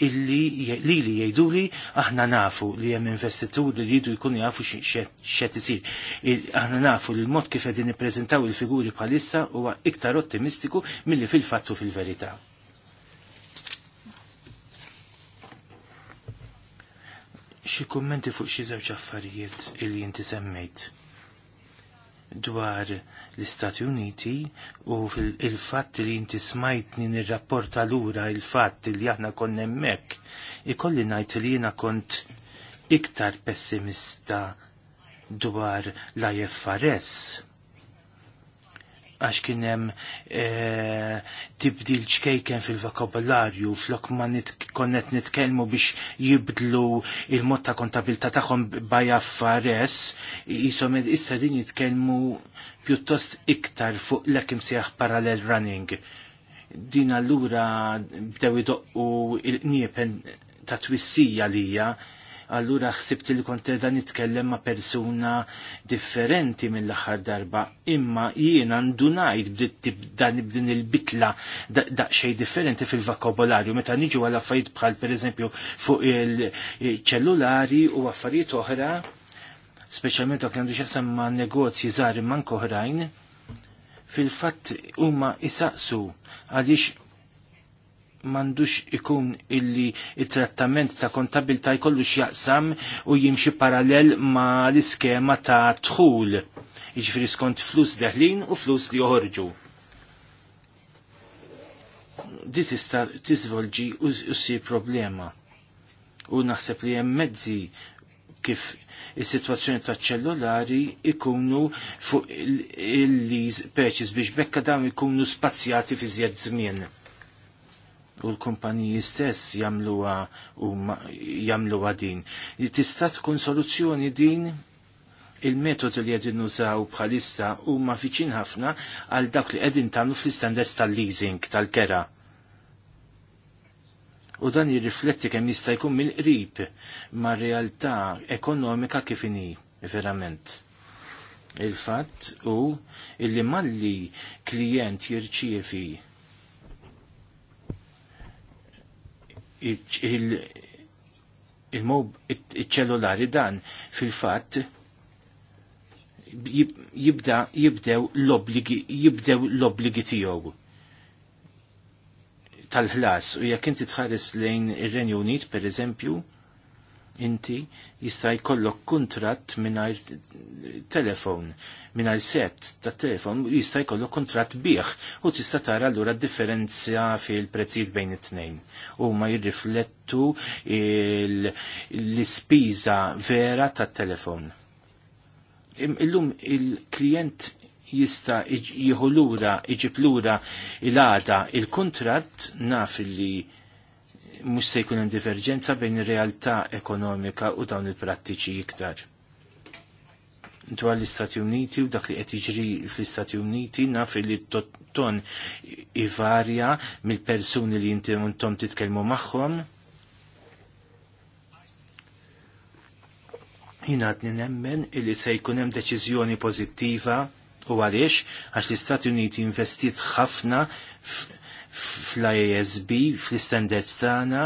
illi li li jgħidu li aħna nafu li hemm investituri li jridu jkunu jafu x'qed isir. Aħna nafu li l-mod kif qegħdin nippreżentaw il-figuri bħalissa huwa iktar ottimistiku milli fil-fattu fil-verità. xi kummenti fuq xi żewġ affarijiet li inti semmejt dwar l-Istati Uniti u fil fatt li inti smajtni nirrapporta lura il-fatt li aħna konna hemmhekk, ikolli ngħid li jiena kont iktar pessimista dwar l-IFRS għax kienem e, tibdil ċkejken fil-vokabularju, flok ma nit, konnet nitkelmu biex jibdlu il-mod ta' kontabilta tagħhom bajja fares, jisom issa din jitkelmu pjuttost iktar fuq l-ekim sieħ parallel running. Din allura bdew idoqqu il-niepen ta' twissija lija allura ħsibt li kont edha nitkellem ma' persuna differenti mill-aħħar darba, imma jien għandu ngħid dan b'din il-bitla daqsxej differenti fil-vokabolarju meta niġu għal affarijiet bħal pereżempju fuq il-ċellulari u affarijiet oħra, speċjalment dak li għandu x'jasam ma' negozji żgħar imman oħrajn, fil-fatt huma isaqsu għaliex mandux ikun illi il-trattament ta' kontabilta jkollu x'jaqsam u jimxi parallel ma' l-iskema ta' tħul. Iġifri skont flus deħlin u flus li joħorġu. Di tista' tiżvolġi u si problema. U naħseb li hemm mezzi kif is-sitwazzjoni taċ-ċellulari ikunu fuq il-lease peċis biex bekka dawn ikunu spazjati fi żjed żmien u l-kumpaniji stess jamluwa u jamluwa din. Tista' tkun soluzzjoni din il-metod li għedin nużaw bħalissa u ma fiċin ħafna għal dak li għedin tamlu fl-istandes tal-leasing tal-kera. U dan jirrifletti kemm jista' jkun mill-qrib ma' realtà ekonomika kif inhi verament. Il-fatt u illi malli klient jirċievi il-ċellulari dan fil-fatt jibda jibdew l-obligi jibdew l-obligi tiegħu tal-ħlas u jekk inti tħares lejn ir-Renju Unit pereżempju inti jista' jkollok kuntratt mingħajr telefon, mingħajr set ta' telefon, jista' jkollok kuntratt bih u tista' tara allura differenzja fil-prezzijiet bejn it-tnejn. Huma jirriflettu l-ispiża vera tat telefon. Illum il-klient jista jieħu lura, iġib lura il-għada il-kontrat naf li mhux se jkun hemm bejn ir-realtà ekonomika u dawn il-prattiċi iktar. Dwar l-Istati Uniti u dak li qed jiġri fl-Istati Uniti naf li t-ton ivarja mill-persuni li inti intom titkellmu magħhom. Jina għadni nemmen illi se jkun hemm deċiżjoni pożittiva u għaliex għax l-Istati Uniti investit ħafna fl-IASB, fl-standards tagħna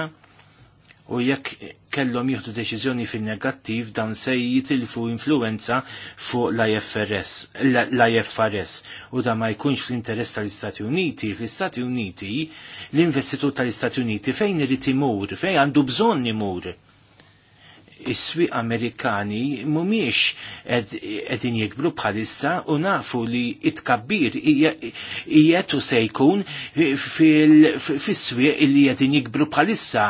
u jekk kellhom jieħdu deċiżjoni fin-negattiv dan se jitilfu influenza fuq l-IFRS, l-IFRS u da ma jkunx fl-interess tal-Istati Uniti, fl-Istati Uniti, l-investitur tal-Istati Uniti fejn irid imur, fejn għandu bżonn imur is-swieq Amerikani mhumiex qegħdin jikbru bħalissa u nafu li itkabbir kabbir sejkun se jkun fis-swieq li qegħdin jikbru bħalissa.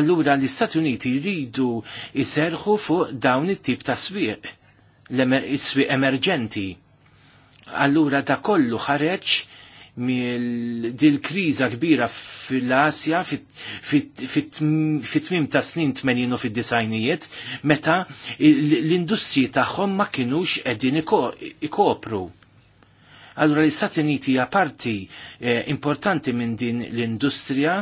Allura l-Istati Uniti jridu jserħu fuq dawn it-tip ta' swieq, l-swieq emerġenti. Allura da kollu ħareċ dil kriża kbira fil-Asja fit-tmim ta' snin 80 u fid-disajnijiet meta l-industriji tagħhom ma kinux qegħdin ikopru. Allura l-Istati Uniti hija parti eh, importanti minn din l-industrija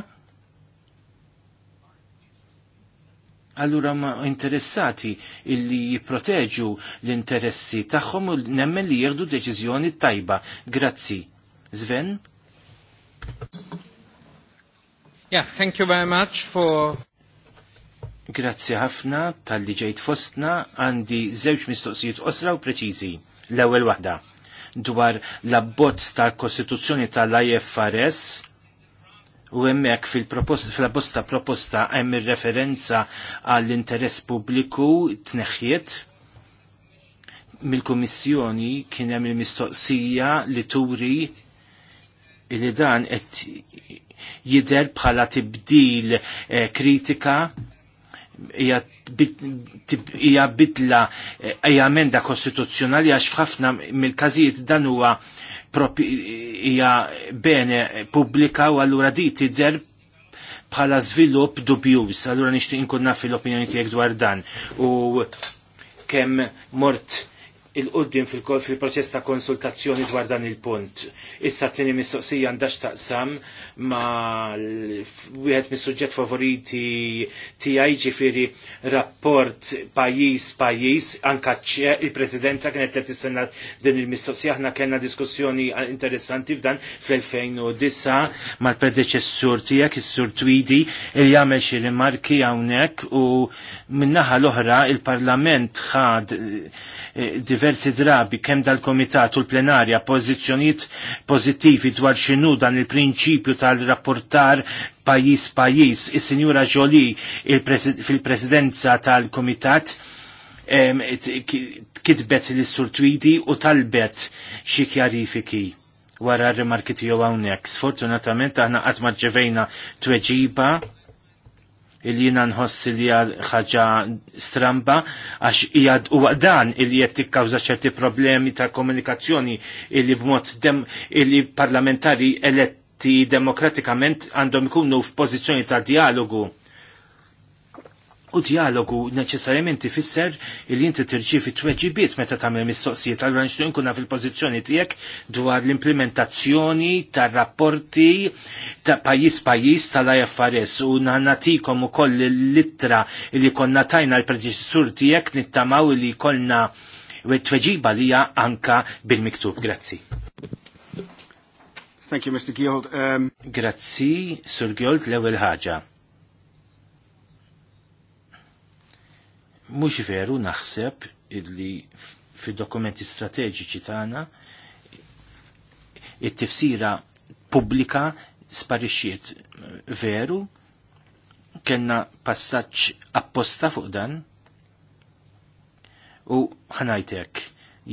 allura ma interessati illi jipproteġu l-interessi tagħhom u nemmen li jieħdu deċiżjoni tajba. Grazzi. Sven? Yeah, thank you very much for... Grazzi ħafna tal-li ġejt fostna għandi żewġ mistoqsijiet osra u preċiżi. L-ewwel waħda dwar l-abbozz tal-Kostituzzjoni tal-IFRS u hemmhekk fil-abbosta proposta hemm ir-referenza għall-interess pubbliku tneħħiet mill-Kummissjoni kien hemm il-mistoqsija li turi li dan qed jidher bħala tibdil eh, kritika hija bidla eh, hija emenda kostituzzjonali għax f'ħafna mill-każijiet dan huwa hija bene pubblika u allura di tidher bħala żvilupp dubjuż. Allura nixtieq inkun naf l-opinjoni tiegħek dwar dan. U kemm mort il-qoddim fil-proċess ta' konsultazzjoni dwar dan il-punt. Issa t-tini mistoqsija għandax taqsam ma wieħed mis-suġġett favoriti tiegħi ġifieri rapport pajjiż pajjiż anka il-Presidenza kienet qed tistenna din il-mistoqsija aħna kellna diskussjoni interessanti f'dan fl-2009 mal-predeċessur tiegħek is-Sur Twidi li jagħmel xi rimarki hawnhekk u minnaħa l-oħra il-Parlament ħad eh, diversi drabi kemm dal-Komitat u l-Plenarja pożizzjonijiet pożittivi dwar xinu dan il-prinċipju tal-rapportar pajis pajis. Is-Sinjura Jolie fil-Presidenza tal-Komitat kitbet l sur twidi u talbet xi kjarifiki wara r-rimarki tiegħu hawnhekk. Sfortunatament aħna qatt ma ġevejna tweġiba il-jina nħossi li ħaġa stramba, għax jgħad u dan il jgħad tikkawza ċerti problemi ta' komunikazzjoni il-li b'mod dem il-li parlamentari eletti demokratikament għandhom ikunu f'pożizzjoni ta' dialogu U dialogu neċessarjament ifisser li inti tirċifi tweġibiet meta tagħmel mistoqsijiet għal nixtieq nkun fil-pożizzjoni tiegħek dwar l-implementazzjoni tar-rapporti ta' pajjiż pajjiż tal-IFRS u nagħtikom ukoll l-ittra li konna tajna l-predeċessur tiegħek nittamaw li kollna tweġiba li hija anka bil-miktub. Grazzi. Thank you, Mr. Gjold. Um... Grazzi, Sur Gjold, l-ewel ħaġa Mhux veru naħseb illi fid-dokumenti strateġiċi tagħna it-tifsira pubblika sparixxiet veru kellna passaġġ apposta fuq dan u ħanajtek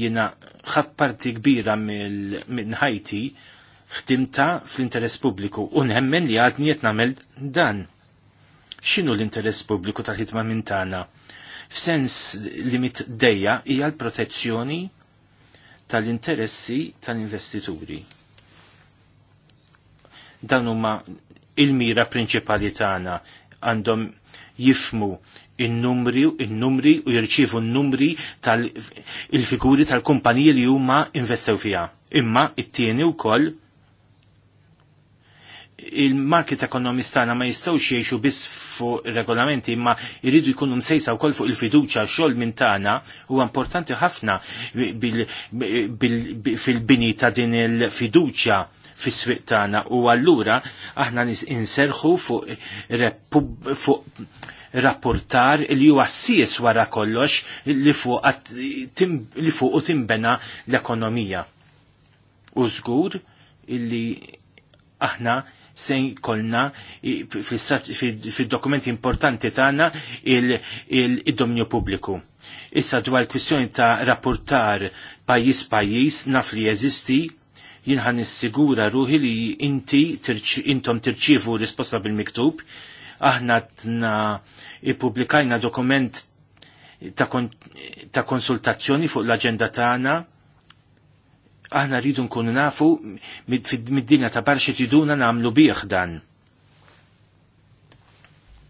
jiena ħadd parti kbira minn ħajti ħdimta fl-interess pubbliku u nħemmen li għadni qed nagħmel dan. X'inhu l-interess pubbliku tal-ħidma minn tagħna? f'sens li dejja hija l-protezzjoni tal-interessi tal-investituri. Dan huma il-mira prinċipali tagħna għandhom jifmu il-numri il-numri u jirċivu n-numri tal-figuri tal-kumpaniji li huma investew fiha. Imma it-tieni wkoll koll il-market economist tagħna ma jistgħux jgħixu biss fuq regolamenti imma jridu jkunu msejsa wkoll fuq il-fiduċja xogħol minn tagħna huwa importanti ħafna fil-bini ta' din il-fiduċja fis-swieq tagħna u allura aħna inserħu fuq fuq rapportar li huwa ssies wara kollox li fuq u timbena l-ekonomija. U żgur illi aħna se jkollna fil-dokumenti importanti tagħna il-dominju pubbliku. Issa dwar kwistjoni ta' rapportar pajjiż pajjiż naf li jeżisti jinħan nissigura ruħi li inti intom tirċivu risposta bil-miktub aħna tna ippubblikajna dokument ta', konsultazzjoni fuq l-agenda tagħna aħna rridu nkunu nafu mid-dinja ta' barxi tiduna namlu bih dan.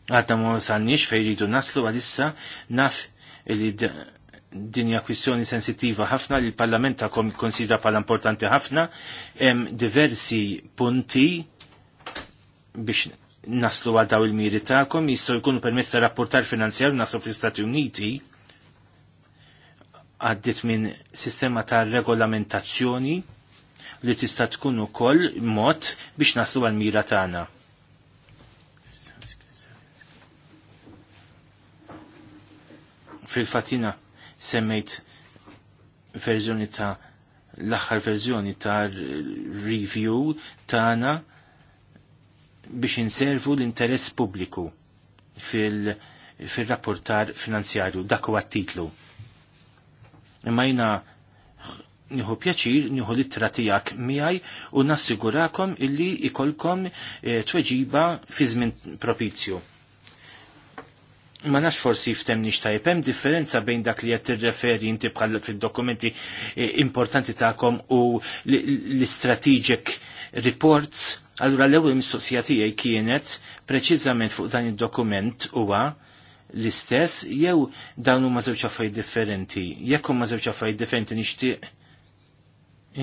Għadna ma wasalniex fej rridu naslu għalissa naf li dinja kwistjoni sensittiva ħafna li l-Parlament ta' konsidra bħala importanti ħafna hemm diversi punti biex naslu għal daw il-miri ta'kom jistgħu jkunu permessa ta' rapportar finanzjar nasu fl-Istati Uniti għaddit minn sistema ta' regolamentazzjoni li tista' tkun ukoll mod biex naslu għal mira tagħna. Fil-fatina semmejt verżjoni ta' l-aħħar verżjoni ta' review tagħna biex inservu l-interess pubbliku fil-rapportar finanzjarju, dak huwa t-titlu Imma jina nieħu pjaċir, nieħu littra tiegħek miegħi u nassigurakom illi ikolkom eh, tweġiba fi żmien propizju. Ma nafx forsi jiftem xtajb, hemm differenza bejn dak li qed tirreferi inti bħal fil dokumenti eh, importanti tagħkom u l-strategic reports. Allura l-ewwel mistoqsija tiegħi kienet preċiżament fuq dan id-dokument huwa l-istess jew dawn huma żewġ affarijiet differenti. Jekk huma żewġ affarijiet differenti nixtieq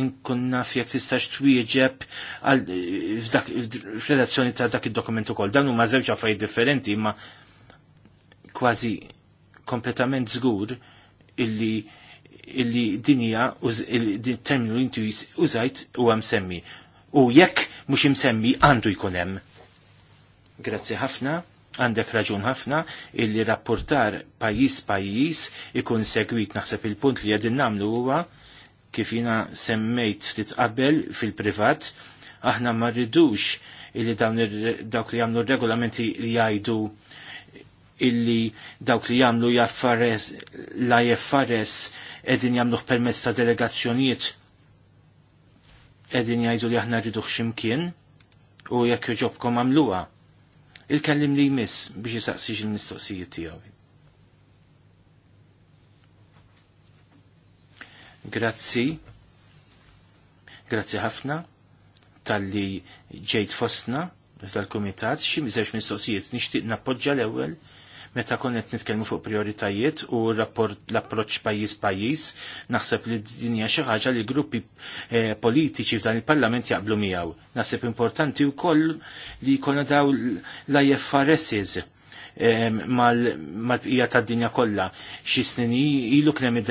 inkun naf jekk tistax twieġeb eh, f'redazzjoni ta' dak id-dokument ukoll. Dan huma żewġ affarijiet differenti, imma kważi kompletament żgur illi illi dinja il-terminu intu użajt u għam semmi. U jekk mux imsemmi għandu jkun hemm. Grazzi ħafna. Għandek raġun ħafna illi rapportar pajis pajis ikun segwit naħseb il-punt li għedin namlu huwa kif jina semmejt ftit qabel fil-privat, aħna ma rridux illi dawn dawk li jagħmlu regolamenti li jgħidu illi dawk li jagħmlu jaffares la jaffares qegħdin jagħmluh permezz ta' delegazzjonijiet qegħdin jgħidu li aħna rridux x'imkien u jekk jġobkom għamluha il-kellim li jmiss biex jisaqsix il-mistoqsijiet tiegħu. Grazzi, grazzi ħafna tal-li ġejt fostna tal-komitat, xi miżewġ mistoqsijiet nixtieq nappoġġa l-ewwel meta konnet nitkellmu fuq prioritajiet u l-approċ pajjiż pajjiż, naħseb li din hija xi ħaġa li gruppi eh, politiċi f'dan il-Parlament jaqblu miegħu. Naħseb importanti wkoll li jkollna daw l-IFRSs mal-bqija tad-dinja kollha. Xi snin ilu kien hemm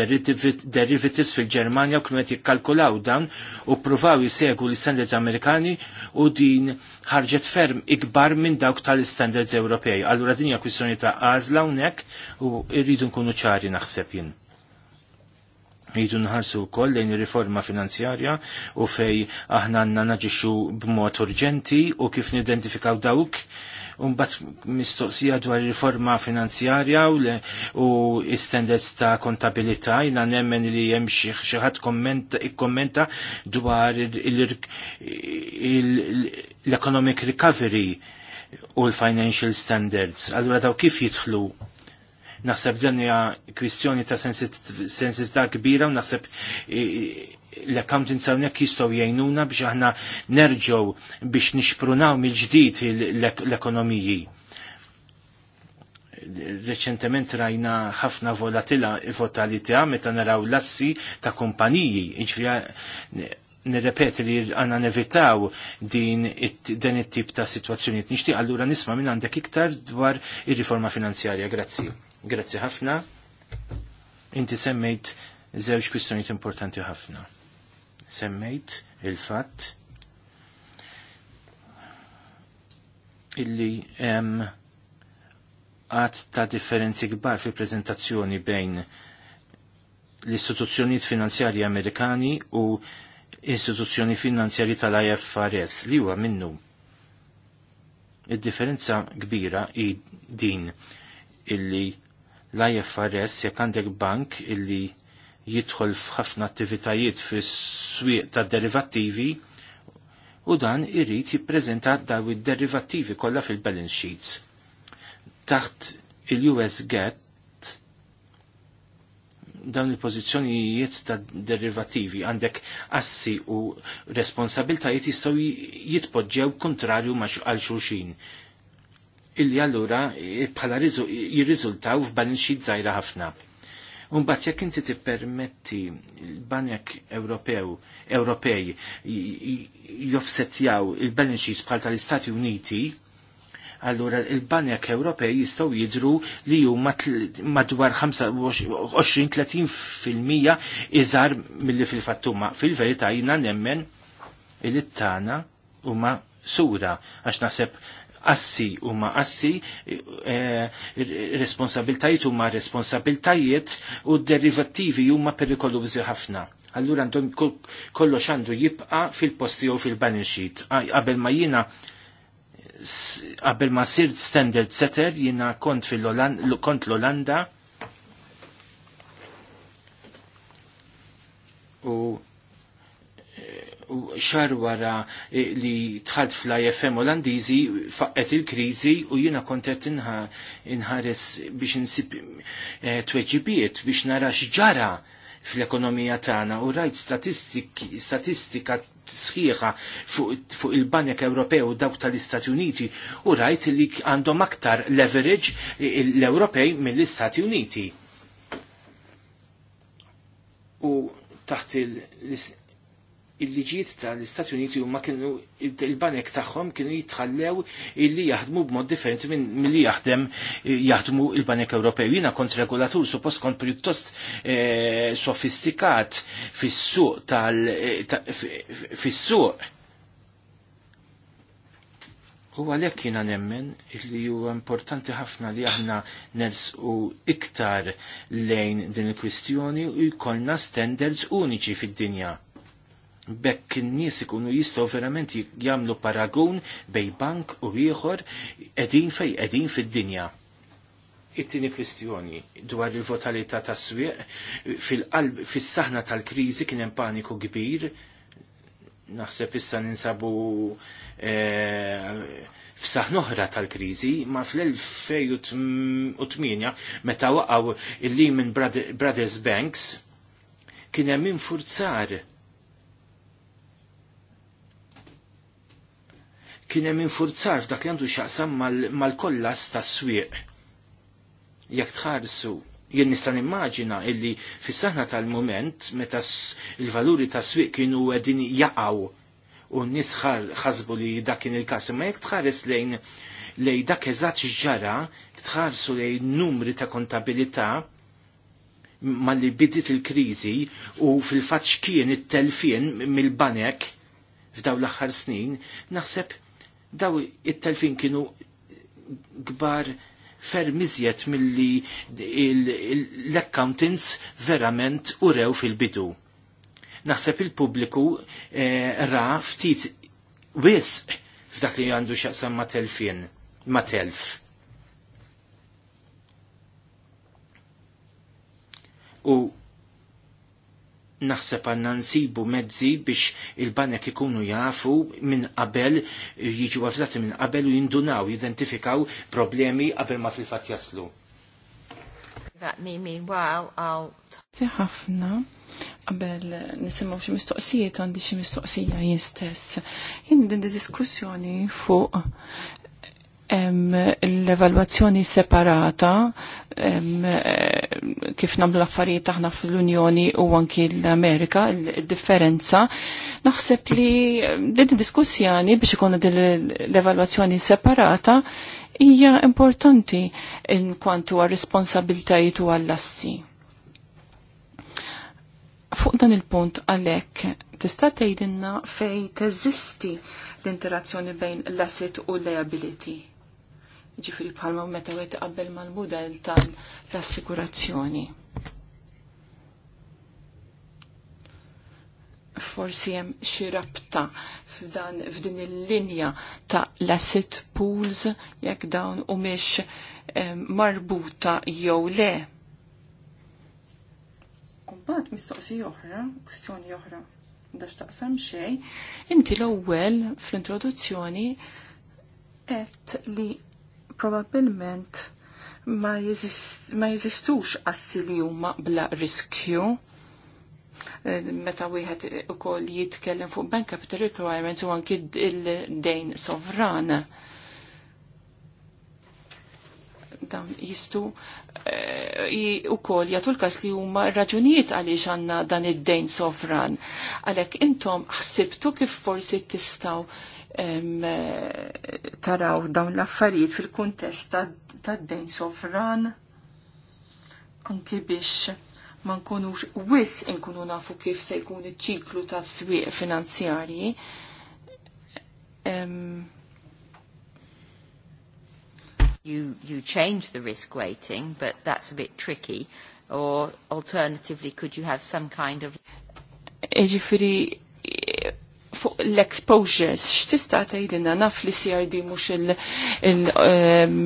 derivatives fil-Ġermanja u kienu qed jikkalkulaw dan u pruvaw jisegu l-istandards Amerikani u din ħarġet ferm ikbar minn dawk tal-istandards Ewropej. Allura din hija kwistjoni ta' għażla hawnhekk u rridu nkunu ċari naħseb jien rridu nħarsu wkoll lejn riforma finanzjarja u fej aħna għandna naġixxu b'mod urġenti u kif nidentifikaw dawk bat mistoqsija dwar riforma finanzjarja u standards ta' kontabilità jina nemmen li jem xieħat kommenta dwar l-economic recovery u l-financial standards. Allura daw kif jitħlu naħseb dan hija kwistjoni ta' sensità kbira u naħseb l-accountants hawnhekk jistgħu jgħinuna biex aħna nerġgħu biex nixprunaw mill-ġdid l-ekonomiji. Reċentement rajna ħafna volatila votalità meta naraw lassi ta' kumpaniji, Iġvija nirrepeti li għana nevitaw din it-tip ta' situazzjoniet. Nixtieq allura nisma minn għandek iktar dwar ir-riforma finanzjarja. Grazzi. Grazzi ħafna. Inti semmejt żewġ kwistjonijiet importanti ħafna semmejt il-fatt illi hemm għad ta' differenzi kbar fi prezentazzjoni bejn l istituzzjoni finanzjarji Amerikani u istituzzjoni finanzjarji tal-IFRS li huwa minnu. Id-differenza kbira i din illi l-IFRS jekk għandek bank illi jidħol f'ħafna attivitajiet fis-swieq ta' derivattivi u dan irrid jippreżenta daw id-derivattivi kollha fil-balance sheets. Taħt il-US GET dawn il-pożizzjonijiet ta' derivativi għandek assi u responsabiltajiet jistgħu jitpoġġew kontrarju għal xulxin illi allura eh, bħala jirriżultaw f'balance sheet żgħira ħafna Unbat jekk inti tippermetti l-Banjak Ewropew Ewropej jofsetjaw il-balance sheets bħal tal-Istati Uniti, allura il-Banjak Ewropej jistgħu jidru li huma madwar 25-30% iżar milli fil-fattuma. Fil-verità jiena nemmen il-tana huma sura għax naħseb assi huma assi, responsabiltajiet eh, responsabiltajiet huma responsabiltajiet u d-derivattivi huma perikolużi ħafna. Allura għandhom kollox għandu jibqa fil-posti u fil-balance Qabel ma jina qabel ma sirt standard setter jina kont l-Olanda u xar wara eh, li tħalt fl-IFM Olandiżi faqqet il-kriżi u jiena kontet inħares biex nsib eh, tweġibiet biex nara x'ġara fl-ekonomija tagħna u rajt statistika sħiħa fuq il-Banek Ewropew dawk tal-Istati Uniti u rajt li għandhom aktar leverage eh, l-Ewropej mill-Istati Uniti. U taħt il il-liġijiet tal-Istati Uniti huma kienu il-banek tagħhom kienu jitħallew illi jaħdmu b'mod differenti minn milli jaħdem jaħdmu il-Banek Ewropew. Jiena kont regulatur suppost kont pjuttost eh, sofistikat fis-suq tal eh, fis-suq. U għalhekk jiena nemmen illi huwa importanti ħafna li aħna nersqu iktar lejn din il-kwistjoni u jkollna standards uniċi fid-dinja bekk n-nies ikunu jistgħu verament jagħmlu paragun bej bank u ieħor qegħdin fej qegħdin fid-dinja. It-tieni kwistjoni dwar il-votalità tas-swieq fil-qalb fis-saħna tal-kriżi kien hemm paniku kbir naħseb issa ninsabu e, f'saħ oħra tal-kriżi, ma fl-2008 meta waqgħu il-Lehman Brothers Banks kien hemm infurzar kien hemm infurzar f'dak li għandu x'aqsam mal-kollas tas-swieq. Jekk tħarsu jien nista' nimmaġina illi fis-saħna tal-mument meta il-valuri tas-swieq kienu qegħdin jaqgħu u n-nies ħasbu li dak kien il-każ, imma jekk tħares lejn lej dak eżatt ġara, tħarsu lejn numri ta' kontabilità malli bidit il-kriżi u fil-fatt x'kien it-telfien mill-banek f'daw l-aħħar snin, naħseb Daw it-telfin kienu gbar fermizjet mill-li l-accountants verament urew fil-bidu. Naħseb il-pubbliku eh, ra ftit wis f'dak li għandu xaqsam ma' telfin, ma' telf. U naħseb għanna nsibu mezzi biex il-banek ikunu jafu minn qabel, jiġu għafżati minn qabel u jindunaw, jidentifikaw problemi qabel ma fil-fat jaslu. That may ħafna, qabel nisimaw xie mistoqsijiet għandi xie mistoqsija jistess. Jindin Jien diskussjoni fuq l-evalwazzjoni separata kif namlu l-affarijiet aħna fl-Unjoni u anki l-Amerika, l-differenza, naħseb li din diskussjoni biex ikonu din l-evalwazzjoni separata hija importanti kwantu għal responsabiltajiet u għall-assi. Fuq dan il-punt għalhekk tista' tgħidilna fejn teżisti l-interazzjoni bejn l-asset u l-liability ġifiri bħalma meta u qabel mal-model tal-assikurazzjoni. Forsi hemm xi rabta f'dan f'din il-linja ta' l-asset pools jekk dawn u miex marbuta jew le. Kumbat mistoqsi oħra, kwistjoni oħra, dax taqsam xejn, inti l-ewwel fl-introduzzjoni qed li probabilment ma jeżistux assi li huma bla riskju eh, meta wieħed ukoll jitkellem fuq bank capital requirements u anki il-dejn sovran. Dan jistu eh, u kol jatu l-kas li huma raġunijiet għaliex għandna dan id-dejn sovran. Għalek intom ħsibtu kif forsi tistaw Eh, taraw dawn l-affarijiet fil-kuntest ta' d dejn sovran anki biex ma nkunux wis nkunu nafu kif se jkun iċ-ċiklu ta' swieq finanzjarji. Um, you, you change the risk weighting, but that's a bit tricky. Or alternatively, could you have some kind of... Eġifiri, fuq l-exposures, x'tista' tgħidilna naf li CRD mhux ehm,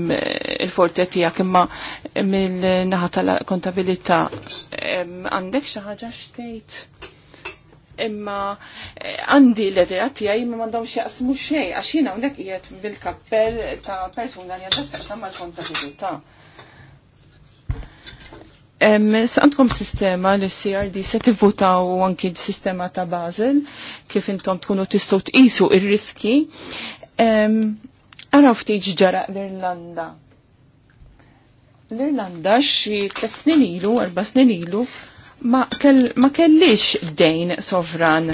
il-forte tiegħek imma mill-naħa tal-kontabilità ehm, għandek xi ħaġa xtejt imma eh, għandi l edja tiegħi ma m'għandhomx jaqsmu xejn għax jiena hawnhekk qiegħed bil-kappell ta' persuna li għandha x'taqsam mal-kontabilità. Għandkom sistema li CRD se tivvutaw anki sistema ta' Basel kif intom tkunu tistgħu tqisu ir-riski. Araw ftit ġara l-Irlanda. L-Irlanda xi tliet snin ilu, erba' snin ilu, ma, kellix dejn sovran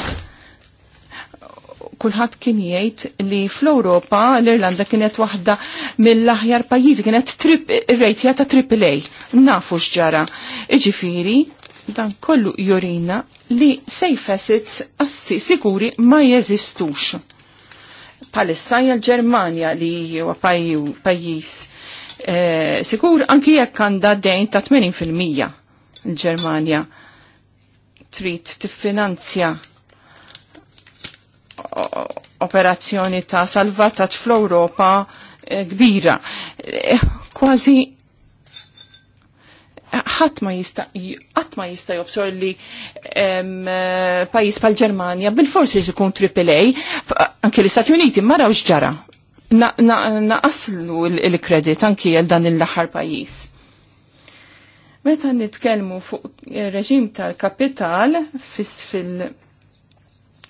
kulħadd kien jgħid li fl-Ewropa l-Irlanda kienet waħda mill-aħjar pajjiżi kienet ir-rejtja ta' AAA. Nafu x'ġara. Iġifieri, dan kollu jorina li safe assets assi sikuri ma jeżistux. Palissa l-Ġermanja li huwa pajjiż e, sikur anki jekk għandha dejn ta' 80% l-Ġermanja trid tiffinanzja operazzjoni ta' salvataġġ fl-Ewropa eh, kbira. Eh, kważi ħadd ma jista' qatt ma jista' jobsor li eh, pajjiż bħal-Ġermanja bil-forsi Triple AAA, anke l-Istati Uniti ma rawx ġara. Naqaslu il-kredit anki għal dan l-aħħar pajjiż. Meta nitkellmu fuq reġim tal-kapital fil-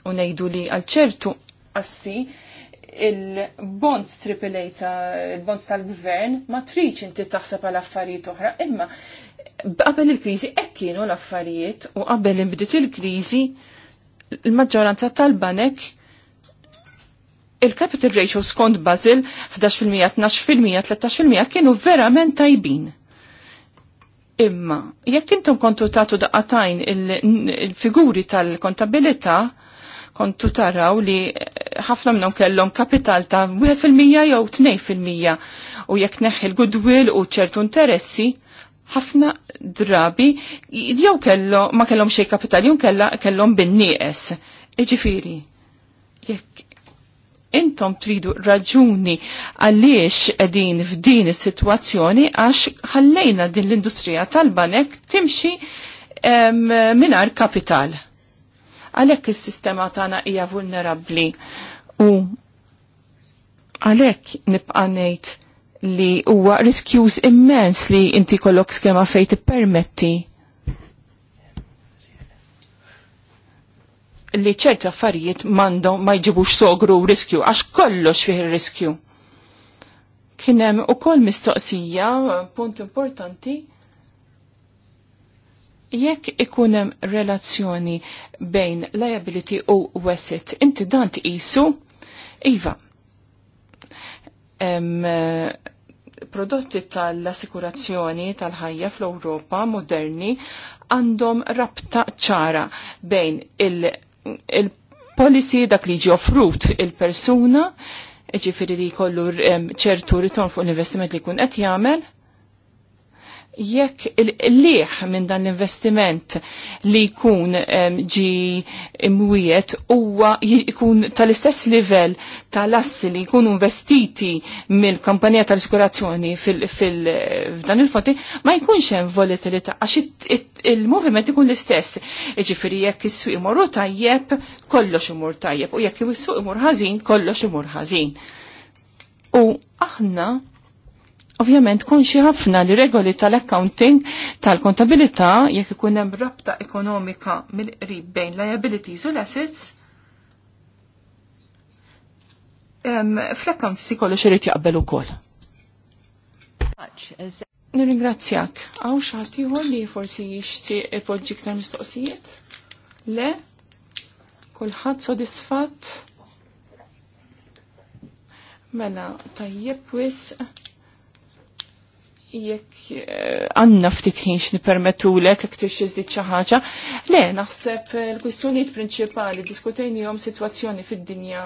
u nejdu li għalċertu assi il-bonds AAA ta' il-bonds tal-gvern ma triċ inti taħseb għal affarijiet oħra, imma qabel il-kriżi hekk kienu l-affarijiet u qabel inbdiet il-kriżi il-maġġoranza tal-banek il-capital ratio skont Bazil 11%, 12%, 13% kienu verament tajbin. Imma, jekk intom kontu tagħtu daqatajn il-figuri tal-kontabilità, kontu taraw li ħafna minnhom kellhom kapital ta' 1% jew 2% u jekk neħħi l-goodwill u ċertu interessi ħafna drabi jew kello ma kellhom xejn kapital jew kellhom bin-nieqes. Iġifieri, jekk intom tridu raġuni għaliex edin f'din is-sitwazzjoni għax ħallejna din l-industrija tal-banek timxi minar kapital. Għalhekk is-sistema tagħna hija vulnerabbli u għalhekk nibqa' li huwa riskjuż immens li inti kollok skema fejn tippermetti li ċerta affarijiet mando ma jġibux sogru riskju, għax kollox fih riskju. Kienem u koll mistoqsija, punt importanti, jekk ikunem relazzjoni bejn liability u wasit, inti dan tqisu, iva, Um, prodotti tal-assikurazzjoni tal-ħajja fl-Europa moderni għandhom rabta ċara bejn il-policy il dak li ġi offrut il-persuna, ġifiri li kollu ċertu ritorn fuq l-investiment li kun qed jagħmel, jekk il-liħ minn dan l-investiment li jkun ġi imwiet huwa jkun tal-istess livell tal-assi li jkunu investiti mill-kampanija tal fil f'dan il fonti ma jkunx hemm volatilità għax il-moviment ikun l-istess. Ġifieri jekk is-suq imorru tajjeb, kollox imur tajjeb u jekk is-suq imur ħażin, kollox imur ħażin. U aħna Ovvjament konxi ħafna li regoli tal-accounting tal-kontabilità jekk ikun hemm rabta ekonomika mill-qrib bejn liabilities u l-assets fl-accounts kollox irid jaqbel ukoll. Nirringrazzjak. Għaw xaħat ieħor li forsi jixtieq ipoġġi ktar mistoqsijiet? Le? Kulħadd sodisfatt? Mela, tajjeb wisq jekk eh, għanna ftit ħinx nipermetulek jekk tix iżid xi ħaġa. Le, naħseb eh, l-kwistjonijiet prinċipali diskutejniehom sitwazzjoni fid-dinja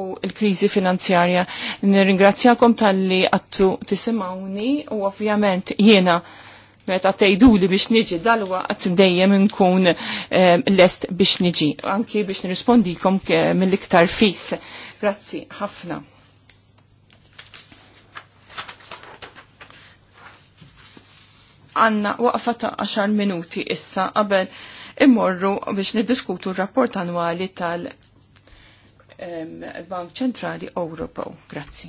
u l-kriżi finanzjarja. Nirringrazzjakom tal-li għattu tisimawni u ovvjament jiena meta tgħiduli li biex niġi dal-waqt dejjem nkun eh, lest biex niġi, anki biex nirrispondikom mill-iktar fis. Grazzi, ħafna. għanna waqfa ta' 10 minuti issa qabel immorru biex niddiskutu r-rapport annwali tal-Bank Ċentrali Ewropew. Grazzi.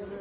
Thank you.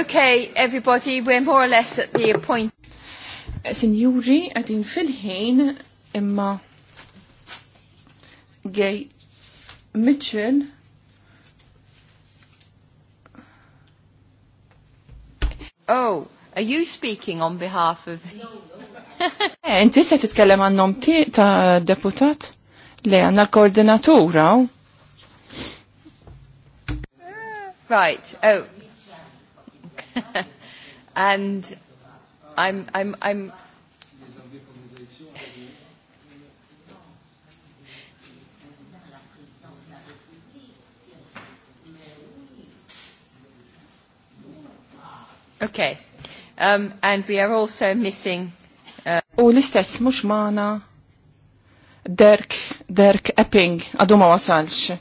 Okay, everybody, we're more or less at the point. Signori, għadin fil-ħin imma gej Mitchell Oh, are you speaking on behalf of... Eh, inti se titkellem għan għannom ta' deputat? Le, għanna l-koordinatura. Right, oh, And I'm, I'm, I'm Okay. Um, and we are also missing... Uh... U l-istess mux maħna Dirk, Dirk Epping, għadu ma wasalx.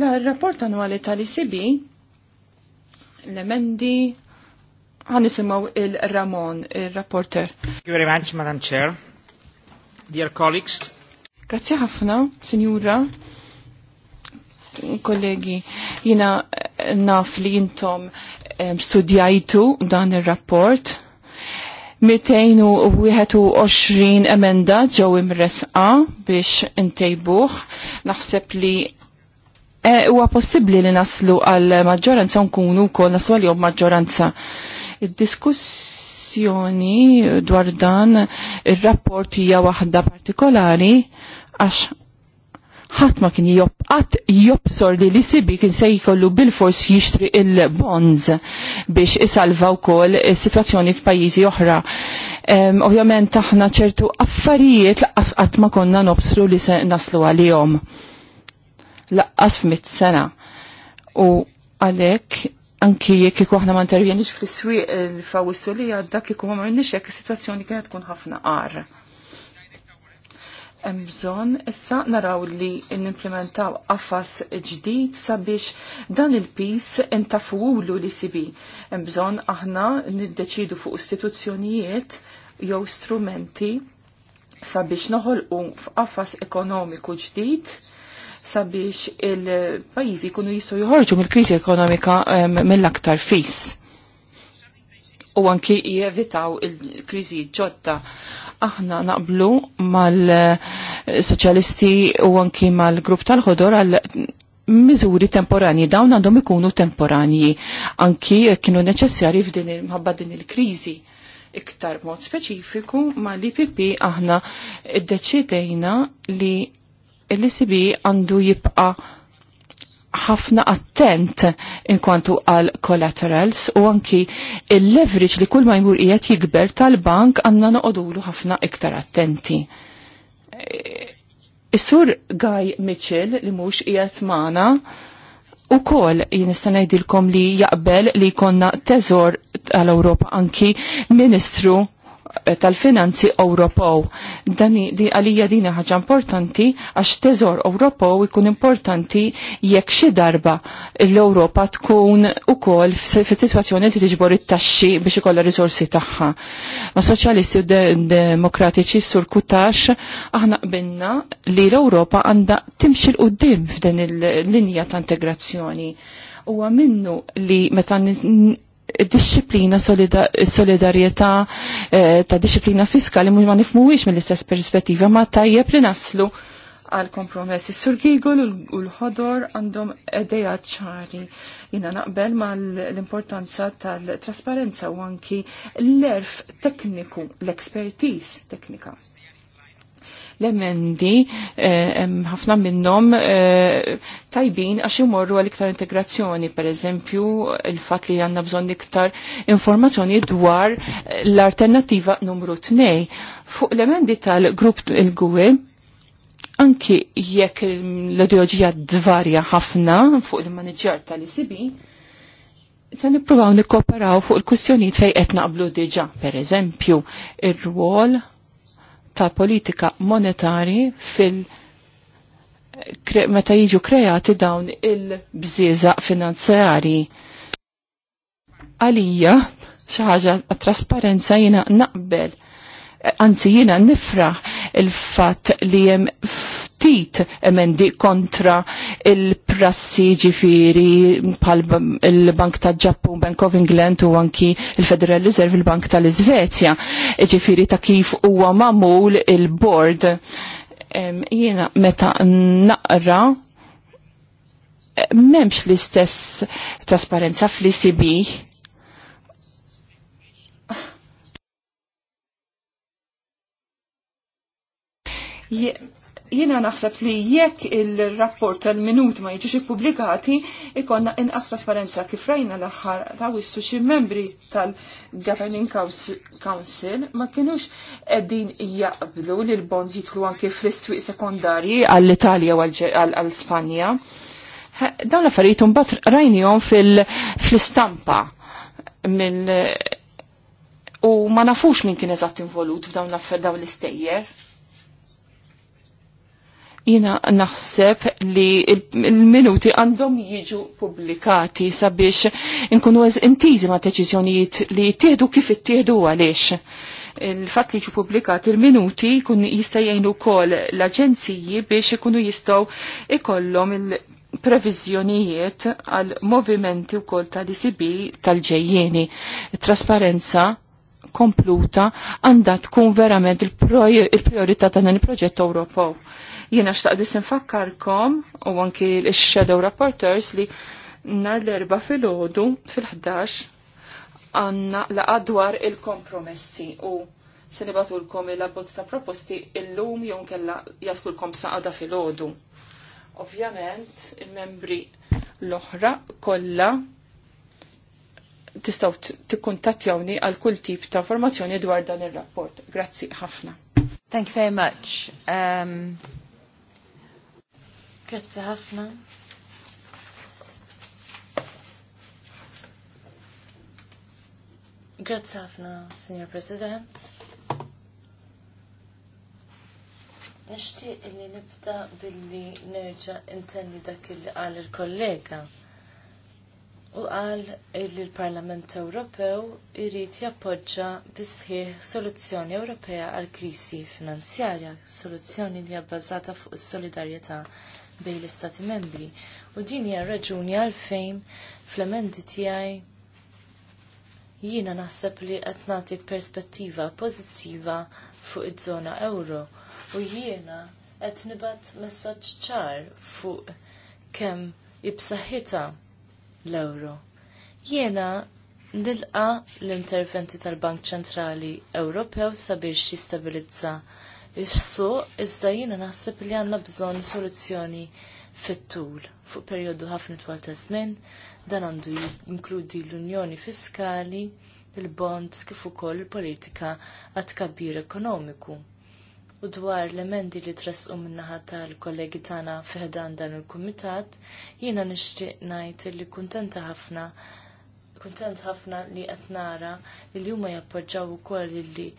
La, il-rapport annuali tal-ICB, l-emendi, ħanisimaw il-Ramon, il-rapporter. Thank you very much, Madam Chair. Dear colleagues. Grazie ħafna, Signora, kollegi. Jina naf li jintom studjajtu dan il-rapport. 221 emenda ġew imresqa biex intejbuh. Naħseb li e, huwa possibbli li naslu għal maġġoranza nkunu wkoll naslu għal maġġoranza Id-diskussjoni dwar dan ir-rapport hija waħda partikolari għax ħadd ma kien jobqat jobsor li li sibi kien se jkollu bil-fors jixtri il-bonds biex isalva wkoll is-sitwazzjoni f'pajjiżi oħra. Um, Ovvjament aħna ċertu affarijiet laqqas qatt ma konna nobsru li se naslu għalihom. Laqqas f'mit sena. U għalhekk anki jekk kieku aħna ma intervenix fis-swieq il-fawissu li għadda kieku ma marniex jekk is-sitwazzjoni kienet tkun ħafna qar. Hemm bżonn issa naraw li nimplementaw għafas ġdid sabiex dan il-pis intafuwulu li sibi. Hemm bżonn aħna niddeċidu fuq istituzzjonijiet jew strumenti sabiex noħolqu f'qafas ekonomiku ġdid sabiex il-pajizi kunu jistu joħorġu mill-krizi ekonomika mill-aktar fis. U anki jevitaw il-krizi ġodda. Aħna naqblu mal-soċjalisti u anki mal-grupp tal-ħodor għal miżuri temporani. dawn għandhom ikunu temporanji, anki kienu neċessari f'din il-mħabba din il-krizi iktar mod speċifiku ma l-IPP aħna id-deċidejna li l icb għandu jibqa ħafna attent inkwantu għal collaterals u anki il-leverage li kull ma jmur qiegħed jikber tal-bank għandna noqogħdulu ħafna iktar attenti. Is-sur Guy Mitchell li mhux qiegħed maħna u kol jinistanaj dilkom li jaqbel li konna teżor tal-Europa anki ministru tal-finanzi Ewropew. Dani di għalija dina ħaġa importanti għax teżor Ewropew ikun importanti jekk xi darba l-Ewropa tkun ukoll fis-sitwazzjoni li tiġbor it-taxxi biex ikollha riżorsi tagħha. Ma' soċjalisti u demokratiċi sur kutax aħna qbilna li l-Ewropa għandha timxi l-qudiem f'din il-linja ta' integrazzjoni huwa minnu li meta disciplina solida, solidarieta eh, ta' disciplina fiskali mu ma nifmuwix mill-istess perspettiva ma tajjeb li naslu għal kompromessi. Sur Gigol u l-ħodor għandhom edeja ċari. Jina naqbel ma l-importanza tal-trasparenza u anki l-erf tekniku, l-ekspertiz teknika. L-emendi eh, ħafna minnhom eh, tajbin għax imorru għal iktar integrazzjoni, per eżempju, il-fatt li għandna bżonn iktar informazzjoni dwar l-alternativa numru 2. Fuq l-emendi tal-grupp il-Gwe, anki jekk l-ideoloġija dvarja ħafna fuq il-manager tal-ICB, Se nippruvaw nikkooperaw fuq il-kwistjonijiet fejn qed naqblu diġà, pereżempju, ir-rwol ta' politika monetari fil- meta jiġu kreati dawn il-bżieza finanzjari. Għalija, xaħġa trasparenza jina naqbel, anzi jina nifra il-fat li jem partit emendi kontra il-prassi ġifiri pal il-Bank ta' Ġappun, Bank of England u anki il-Federal Reserve, il-Bank tal-Izvezja, ġifiri ta' kif huwa mamul il-board. Jiena meta naqra memx l-istess trasparenza fl-ICB Yeah. Jiena naħseb li jekk il-rapport tal-minut ma jiġux ippubblikati, ikonna inqas trasparenza kif rajna l-aħħar ta' wissu xi membri tal-Governing Council ma kienux qegħdin jaqblu li l-bonds jidħlu anke fl-istwiq sekondarji għall-Italja u għall-Spanja. Dawn l-affarijiet mbagħad rajnihom fl-istampa minn u ma nafux min kien eżatt involut f'dawn l-affarijiet dawn l-istejjer Jina naħseb li il-minuti għandhom jiġu publikati sabiex nkunu għaz intizi ma' deċiżjonijiet li tieħdu kif tieħdu għaliex. Il-fatt li ġu publikati il-minuti kun jista' jgħinu wkoll l-aġenziji biex ikunu jistgħu ikollom il- previżjonijiet għal movimenti u kol tal-ICB tal-ġejjeni. Trasparenza kompluta għandha tkun verament il priorita tan ta' dan il-proġett Ewropew Jena xtaqdis nfakkarkom u anki l-Shadow Reporters li nar l-erba fil-ħodu fil-11 għanna laqa dwar il-kompromessi u se nibatulkom il-abbozz ta' proposti il-lum jew kella jaslulkom saqada fil-ħodu. Ovvjament, il-membri l-oħra kollha tistaw tikkuntattjawni għal kull tip ta' informazzjoni dwar dan ir-rapport. Grazzi ħafna. Thank you very much. Um, Grazzi ħafna. Grazzi ħafna, Signor President. Nishti illi nibda billi nerġa' intenni dak li qal il-kollega. U qal li l-Parlament Ewropew irid jappoġġa bisħi soluzzjoni Ewropea għal krisi finanzjarja, soluzzjoni li hija fuq is-solidarjetà bejn l-Istati membri. U din hija raġuni għalfejn fl-emendi tiegħi jiena naħseb li qed nagħti perspettiva pożittiva fuq iż-żona euro u jiena qed nibgħat messaġġ ċar fuq kemm ibsaħħitha l-euro. Jiena nilqa l-interventi tal-Bank Ċentrali Ewropew sabiex jistabilizza is-suq, iżda jiena naħseb li għandna bżonn soluzzjoni fit-tul fuq perjodu ħafna twal ta' żmien, dan għandu jinkludi l-Unjoni Fiskali, il-bonds kif ukoll il-politika għat kabbir ekonomiku. U dwar l-emendi li tresqu min-naħa tal-kollegi tagħna fiħdan dan il-kumitat, jiena nixtieq ngħid li kuntenta ħafna kuntent ħafna li qed nara li huma jappoġġaw ukoll li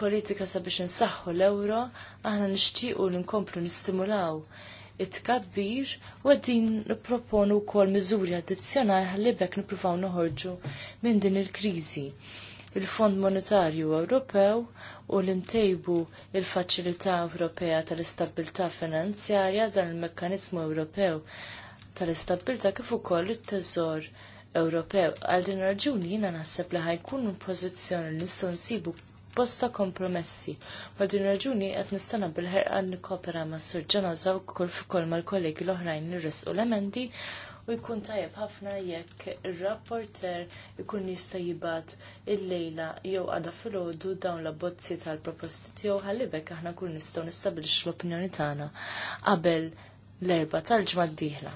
politika sabiex insaħħu l-euro, aħna nixtiequ li nkomplu nistimulaw it-tkabbir u għaddin nipproponu wkoll miżuri addizzjonali għalli bekk nippruvaw noħorġu minn din il-kriżi. Il-Fond Monetarju Ewropew u l-intejbu il-Faċilità Ewropea tal-Istabilità Finanzjarja dan il-Mekkanizmu Ewropew tal-Istabilità kif ukoll it-Teżor Ewropew. Għal din raġuni jiena naħseb li ħajkun pożizzjoni li nistgħu nsibu bosta kompromessi. Ma din raġuni qed nistana bil-ħerqa nikkopera ma' Sur Ġenoza u kull f'kol mal-kollegi l-oħrajn nirresqu l-emendi u jkun tajjeb ħafna jekk ir-rapporter ikun jista' jibgħat illejla jew għada filgħodu dawn l-abbozzi tal-proposti tiegħu ħallibek aħna kun nistgħu nistabilixxu l-opinjoni tagħna qabel l-erba' tal-ġimgħa d-dieħla.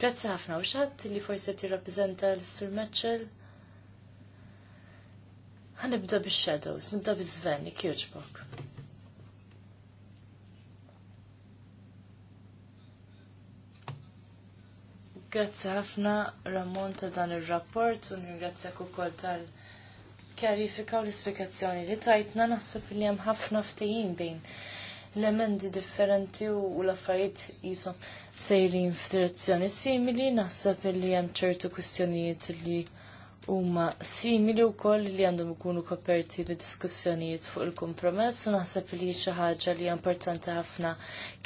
Grazzi ħafna u xatt li forsi tirrappreżenta l-Sur Mitchell. Għanibda bix-shadows, nibda bi zveni, jogħġbok. Grazzi ħafna Ramon ta' dan ir-rapport u nirgrazzjak ukoll tal- kjarifika u l ispikazzjoni li tajtna naħseb li hemm ħafna ftehim bejn l-emendi differenti u l-affarijiet jisom sejrin f'direzzjoni simili, naħseb li hemm ċertu kwistjonijiet li huma simili wkoll li għandhom ikunu koperti bi diskussjonijiet fuq il-kompromess u naħseb li xi ħaġa li hija importanti ħafna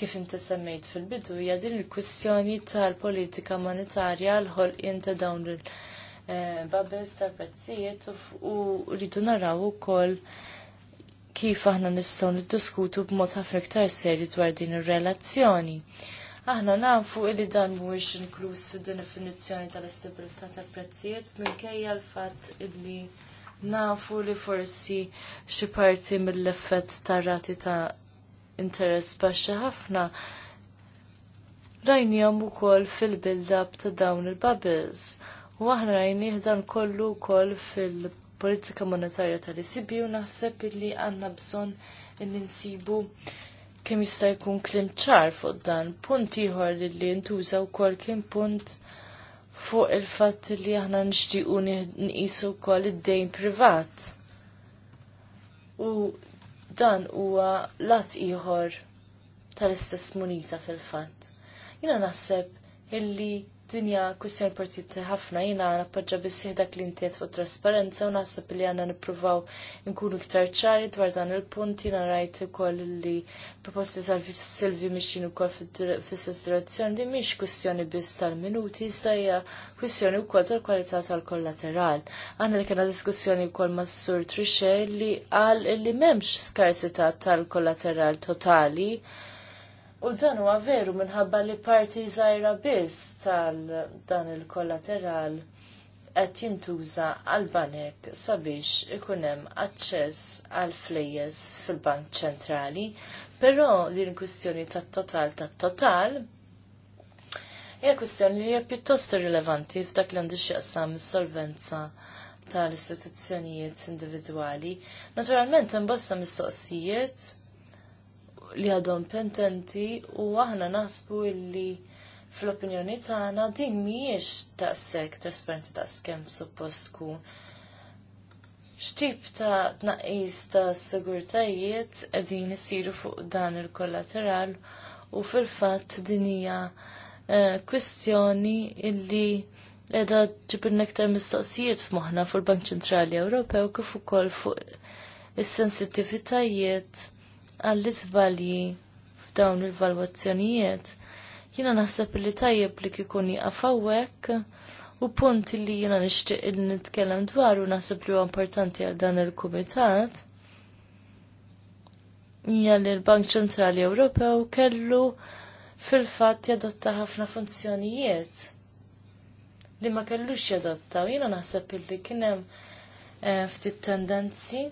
kif inti semmejt fil-bidu hija din il-kwistjoni tal-politika monetarja l-ħolqien ta' dawn il-babels eh, tal-prezzijiet u rridu naraw ukoll kif aħna nistgħu niddiskutu b'mod ħafna iktar serju dwar din ir-relazzjoni. Aħna nafu li dan mhuwiex inkluż fid-definizzjoni tal-istabilità tal-prezzijiet minkejja l-fatt illi nafu li forsi xi parti mill-effett tar-rati ta' interess baxxa ħafna rajnihom ukoll fil-build-up ta' dawn il-bubbles. U aħna rajnih dan kollu wkoll fil-politika monetarja tal-ECB u naħseb illi għandna bżonn in-ninsibu kemm jista' jkun klim ċar fuq dan. Punt ieħor li ntuża wkoll kien punt fuq il-fatt li aħna nixtiequ nqisu wkoll id-dejn privat. U dan huwa lat ieħor tal-istess munita fil-fatt. Jiena naħseb illi dinja kwestjoni partit ħafna jina nappoġġa biss dak li intiet fuq trasparenza u naħseb li għandna nippruvaw nkunu iktar ċari dwar dan il-punt jina rajt ukoll li proposti tal-Silvi mixin ukoll fl-istess direzzjoni di mhix kwestjoni biss tal-minuti issa hija kwistjoni wkoll tal-kwalità tal-kollateral. Għandna li kena diskussjoni wkoll ma' Sur Trixxer li qal li m'hemmx skarsità tal-kollateral totali U dan huwa veru minħabba li parti żgħira biss tal dan il-kollateral qed jintuża għal banek sabiex ikun hemm aċċess għal flejjes fil-Bank Ċentrali, però din kwistjoni tat-total tat-total hija kwistjoni li hija pjuttost irrilevanti f'dak li għandu x'jaqsam is-solvenza tal-istituzzjonijiet individwali. Naturalment hemm bosta mistoqsijiet li għadhom pententi u aħna naħsbu illi fl-opinjoni tagħna din mhijiex taqsek trasparenti ta' skem suppost tkun. X'tip ta' tnaqqis ta' sigurtajiet qegħdin isiru fuq dan il-kollateral u fil-fatt din hija eh, kwistjoni illi qiegħda ġibilna aktar mistoqsijiet f'moħħna fuq il bank Ċentrali Ewropew kif ukoll fuq is-sensittivitajiet għall-izbalji f'dawn il-valwazzjonijiet, jiena naħseb li tajjeb li kikun jaqfawek u punti li jiena nixtieq li nitkellem dwar u naħseb li huwa importanti għal dan il-kumitat. Hija li l-Bank Ċentrali Ewropew kellu fil-fatt jadotta ħafna funzjonijiet li ma kellux jadotta u jiena naħseb li kien hemm eh, ftit tendenzi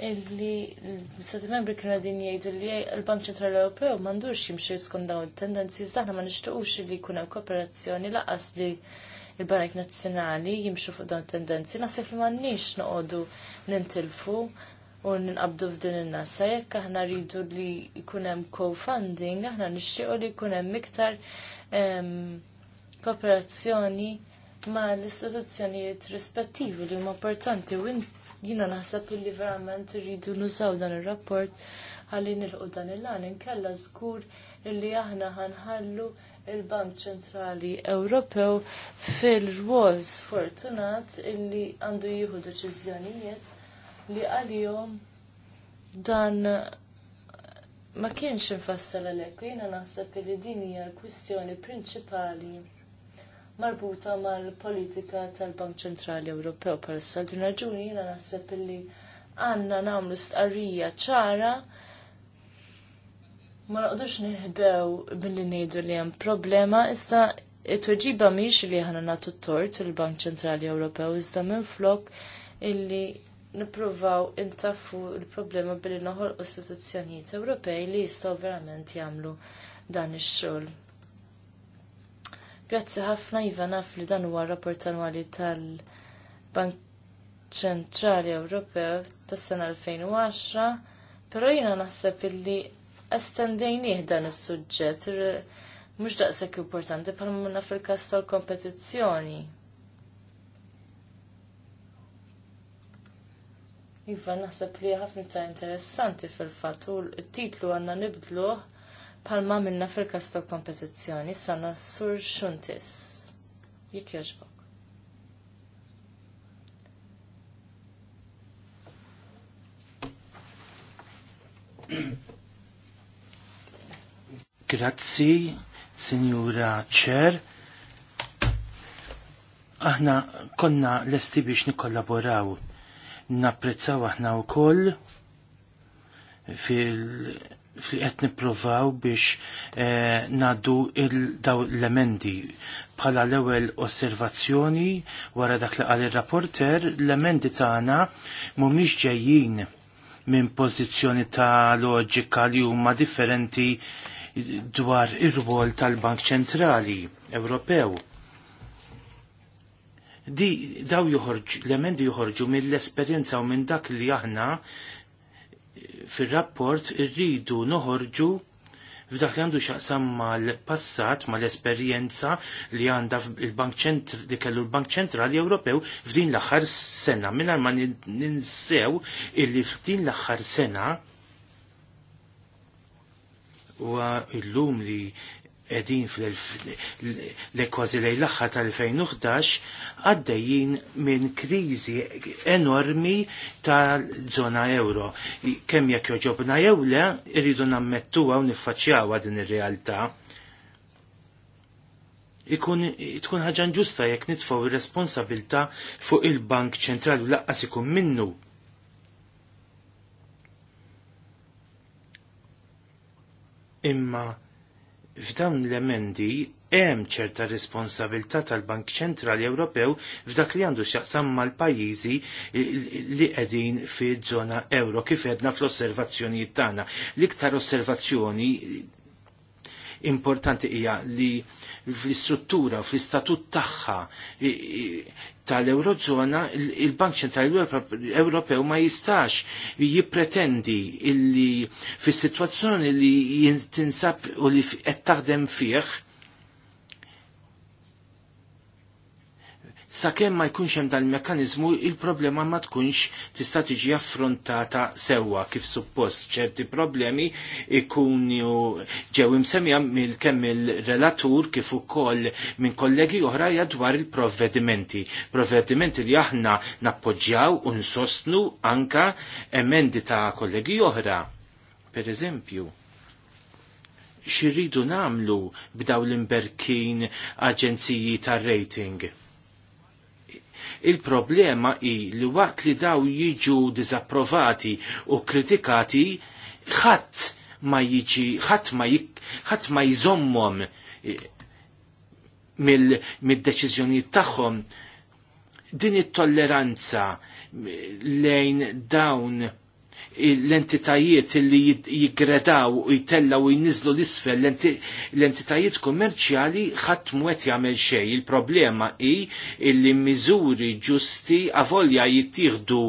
illi l-Stati Membri kienu din jgħidu li l-Bank Ċentrali Ewropew m'għandux jimxie skont dawn it-tendenzi iżda aħna ma nixtiequx li jkun hemm kooperazzjoni laqas li il bank Nazzjonali jimxu fuq dawn it-tendenzi. Naħseb li m'għandniex noqogħdu nintilfu u ninqabdu f'din in-nasa jekk aħna rridu li jkun hemm co-funding, aħna nixtiequ li jkun hemm iktar kooperazzjoni ma l-istituzzjonijiet rispettivi li huma importanti u Jina naħseb li verament rridu nużaw dan ir-rapport ħalli nilqu dan il għanin kella żgur illi aħna ħanħallu il-Bank Ċentrali Ewropew fil-rwol sfortunat illi għandu jieħu deċiżjonijiet li għalihom dan ma kienx infassal għalhekk jiena naħseb li din hija l-kwistjoni prinċipali marbuta mal-politika tal-Bank Ċentrali Ewropew palissa. Din raġuni jiena naħseb illi għandna nagħmlu stqarrija ċara ma naqdux nieħbew billi ngħidu li hemm problema iżda it-tweġiba mhix li ħana nagħtu t-tort il-Bank Ċentrali Ewropew iżda minflok illi nippruvaw intaffu l problema billi noħolqu istituzzjonijiet Ewropej li jistgħu verament jagħmlu dan ix-xogħol Grazzi ħafna Iva naf li dan huwa rapport annwali tal-Bank Ċentrali Ewropew tas-sena 2010, però jiena naħseb illi estendejnieh dan is-suġġett mhux daqshekk importanti bħalma minna fil-każ tal-kompetizzjoni. Iva, naħseb li ħafna ta' interessanti fil-fatt u t-titlu għandna nibdluh palma minna fil-kas kompetizjoni kompetizzjoni sanna sur xuntis. Jek joġbok. Grazzi, Signora Cher. Aħna konna lesti biex nikollaboraw. Napprezzaw aħna wkoll fil- li qed nippruvaw biex eh, naddu daw l-emendi bħala l-ewwel osservazzjoni wara dak li qal ir-rapporter l-emendi tagħna mhumiex ġejjin minn pożizzjoni ta' loġika li huma differenti dwar ir-rwol tal-Bank Ċentrali Ewropew. Di daw joħorġu, l-emendi joħorġu mill-esperjenza u minn dak li aħna fil-rapport irridu noħorġu f'dak li għandu xaqsam mal-passat, mal-esperjenza li għanda il-Bank li kellu l-Bank Ċentrali Ewropew f'din l-aħħar sena, minnar ma ninsew illi f'din l-aħħar sena u l-lum li edin fl-kważi lej l-axħa tal-2011 għaddejjin minn krizi enormi tal-zona euro. Kemm jekk joġobna jew le, irridu nammettuha u niffaċċjawha din ir-realtà ikun tkun ħagġan ġusta jekk nitfaw ir-responsabilta fuq il-Bank Ċentrali laqqas ikun minnu. Imma f'dawn l-emendi hemm ċerta responsabilità tal-Bank Ċentrali Ewropew f'dak li għandu x'jaqsam mal-pajjiżi li qegħdin fiż-żona euro kif għedna fl-osservazzjonijiet tagħna. L-iktar osservazzjoni importanti hija li fl-istruttura, fl-istatut tagħha tal-Eurozona, il-Bank Ċentrali Ewropew ma jistax jippretendi illi fis situazzjoni li jintinsab u li qed taħdem fih sakemm ma jkunx hemm il mekkaniżmu il-problema ma tkunx tista' tiġi affrontata sewwa kif suppost ċerti problemi ikunu ġew imsemmija mill kemm il-relatur kif ukoll minn kollegi oħra dwar il-provvedimenti. Provvedimenti li aħna nappoġġjaw u nsostnu anka emendi ta' kollegi oħra. Per eżempju, xirridu namlu b'daw l-imberkin aġenziji tar rating Il-problema hi li waqt li daw jiġu dizapprovati u kritikati ħadd ma jiġi ħadd ma ħadd ma jżommhom eh, mid-deċiżjonijiet tagħhom din it-tolleranza eh, lejn dawn l-entitajiet li jikredaw u jitellaw u jnizlu l-isfel l-entitajiet kommerċjali ħadd mwet jagħmel xej. Il-problema hi li miżuri ġusti avolja jittieħdu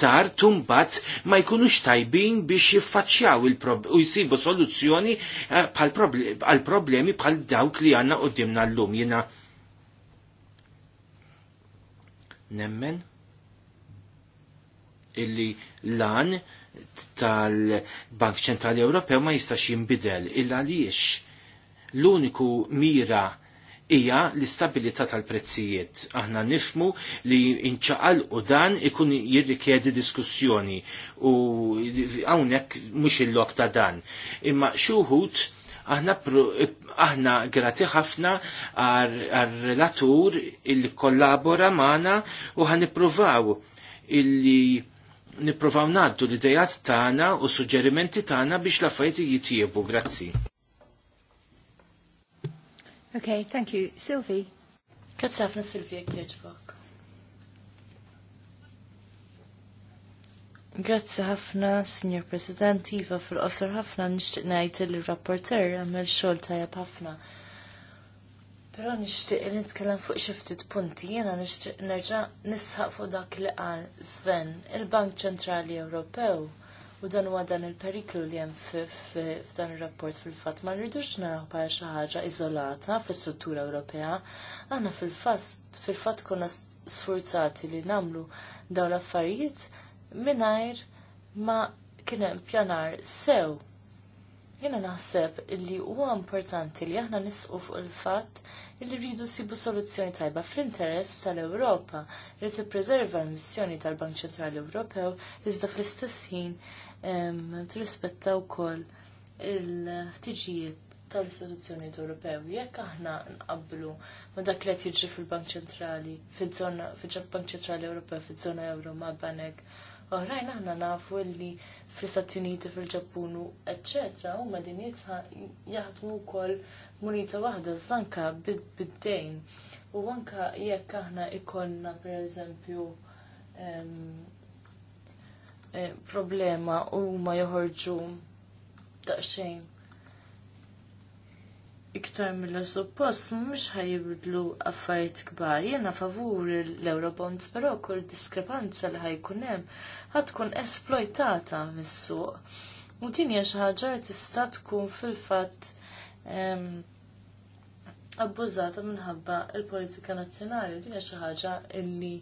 tard tumbat ma jkunux tajbin biex jiffaċċjaw u jsibu soluzzjoni eh, għal problemi bħal dawk li għandna l llum jiena. Nemmen illi lan tal-Bank Ċentrali Ewropew ma jistax jinbidel illa għaliex l-uniku mira hija l-istabilità tal-prezzijiet. Aħna nifmu li inċaqal u dan ikun jirrikjedi diskussjoni u hawnhekk mhux il-lok ta' dan. Imma xuħut aħna, aħna grati ħafna għar-relatur il-kollabora maħna u il illi niprofaw naddu l-idejat tagħna u suġġerimenti tagħna biex l-affarijiet jitjiebu. Grazzi. Okay, thank you. Sylvie. Grazzi ħafna Sylvie Kirchbock. Grazzi ħafna, Signor President, Iva fil-qosor ħafna nixtieq ngħid li rapporter għamel xogħol tajjeb ħafna. Però nixtieq li nitkellem fuq xi ftit punti, jiena nixtieq nerġa' nisħaq fuq dak li qal Sven, il-Bank Ċentrali Ewropew u dan huwa dan il-periklu li hemm f'dan ir-rapport fil-fatt ma rridux naraw bħala xi ħaġa iżolata fl-istruttura Ewropea. Aħna fil-fatt fil-fatt konna sfurzati li nagħmlu dawn l-affarijiet mingħajr ma kien hemm pjanar sew Jena naħseb li huwa importanti li aħna nisqu fuq il-fatt li rridu sibu soluzzjoni tajba fl-interess tal-Ewropa li tippreserva l-missjoni tal-Bank Ċentrali Ewropew iżda fl-istess ħin tirrispetta wkoll il-ħtiġijiet tal-istituzzjoni Ewropew. Jekk aħna nqabblu ma dak li qed jiġri fil-Bank Ċentrali, fil-Bank Ċentrali Ewropew, fiż żona Ewro ma' Banek oħrajn aħna nafu li fl-Istati Uniti, fil-Ġappun, eccetera, huma dinjiet jaħdmu wkoll munita waħda zanka bid-dejn. U anke jekk aħna ikollna pereżempju problema u huma joħorġu daqsxejn iktar mill-suppost mux ħajibdlu affarijiet kbar. Jiena favur l-Eurobonds, però kull diskrepanza li ħajkunem hemm ħatkun esploitata mis-suq. U din hija xi ħaġa li tista' tkun fil-fatt abbużata minħabba l politika nazzjonali. Din hija xi ħaġa li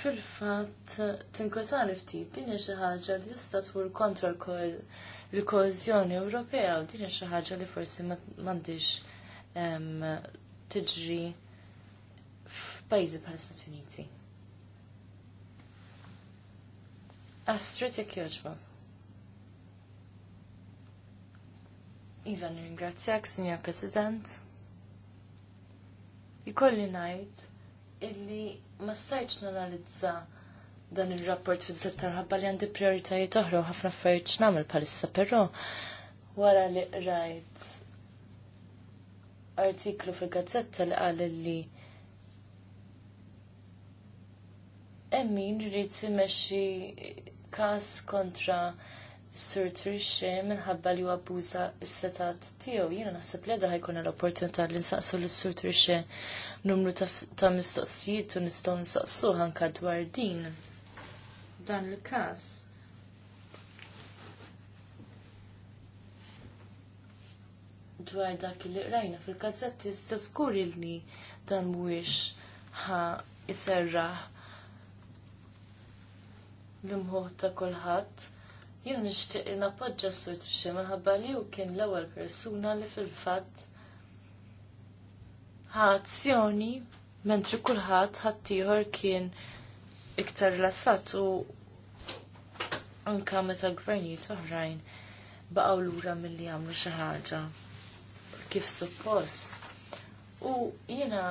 fil-fatt tinkwetani ftit, din hija xi ħaġa li tista' tkun. kontra l-kohezjoni Ewropea u din xi ħaġa li forsi m'għandix tiġri f'pajjiżi bħal Stati Uniti. Astrid jekk jogħġba. Iva nirringrazzjak, Signor President. Ikolli ngħid illi ma stajtx nanalizza dan il-rapport fil-dettar ħabba li għandi prioritajiet oħra u ħafna affarijiet xnamel bħalissa, però wara li rajt artiklu fil-gazzetta li qal li emmin rrid imexxi każ kontra Sir Trixie minħabba li abbuża s-setat tiegħu. Jiena naħseb li għadha ħajkun l-opportunità li nsaqsu lis sur Trixie numru ta' mistoqsijiet u nistgħu nsaqsu anke dwar din f'dan il-każ. Dwar dak li rajna fil-kazzetti sta skuri dan mhuwiex ħa iserraħ l-imħuħ ta' kulħadd. Jien nixtieq nappoġġa s-sur biex minħabba li hu kien l-ewwel persuna li fil-fatt ħa azzjoni mentri kulħadd ħaddieħor kien iktar lassat u anka meta gvernijiet oħrajn baqgħu lura milli jagħmlu xi ħaġa kif suppost. U jiena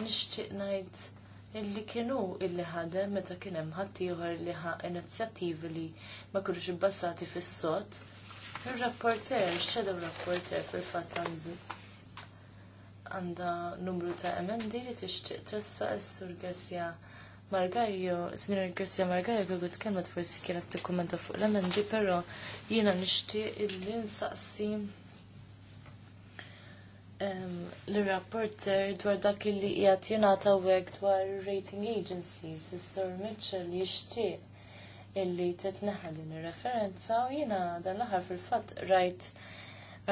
nixtieq ngħid illi kienu illi ħadem meta kien hemm ħadd ieħor li ħa inizjattivi li ma kinux ibbassati fis-sod. Ir-rapporter, x-shadow rapporter fil-fatt għandu għanda numru ta' emendi li tixtieq tressa s-sur Gasja Margajo, Signor Garcia Margajo, kħugut kemmet forsi kienet t-kommenta fuq l-emendi, pero jina nishti illi nsaqsi l-rapporter dwar dak illi jgħat jenata għek dwar rating agencies, s-sor Mitchell jishti illi t-tneħa din referenza u jina dan laħar fil-fat rajt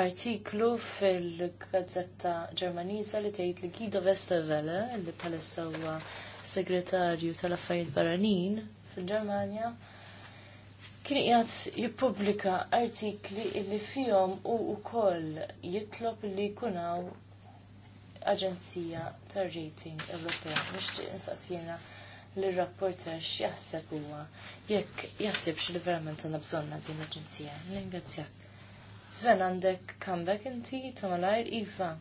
artiklu fil-gazzetta ġermaniza li tgħid li Guido Westerwelle li palessa huwa segretarju tal-affarijiet barranin fil-Ġermanja kien qiegħed jippubblika artikli li fihom u wkoll jitlob li jkun hawn aġenzija tar-rating Ewropea. Nixtieq insaqsina l-rapporter x'jaħseb huwa jekk jaħsibx li verament għandna bżonna din l-aġenzija. Ningrazzjak. Sven għandek comeback inti ta' Iva.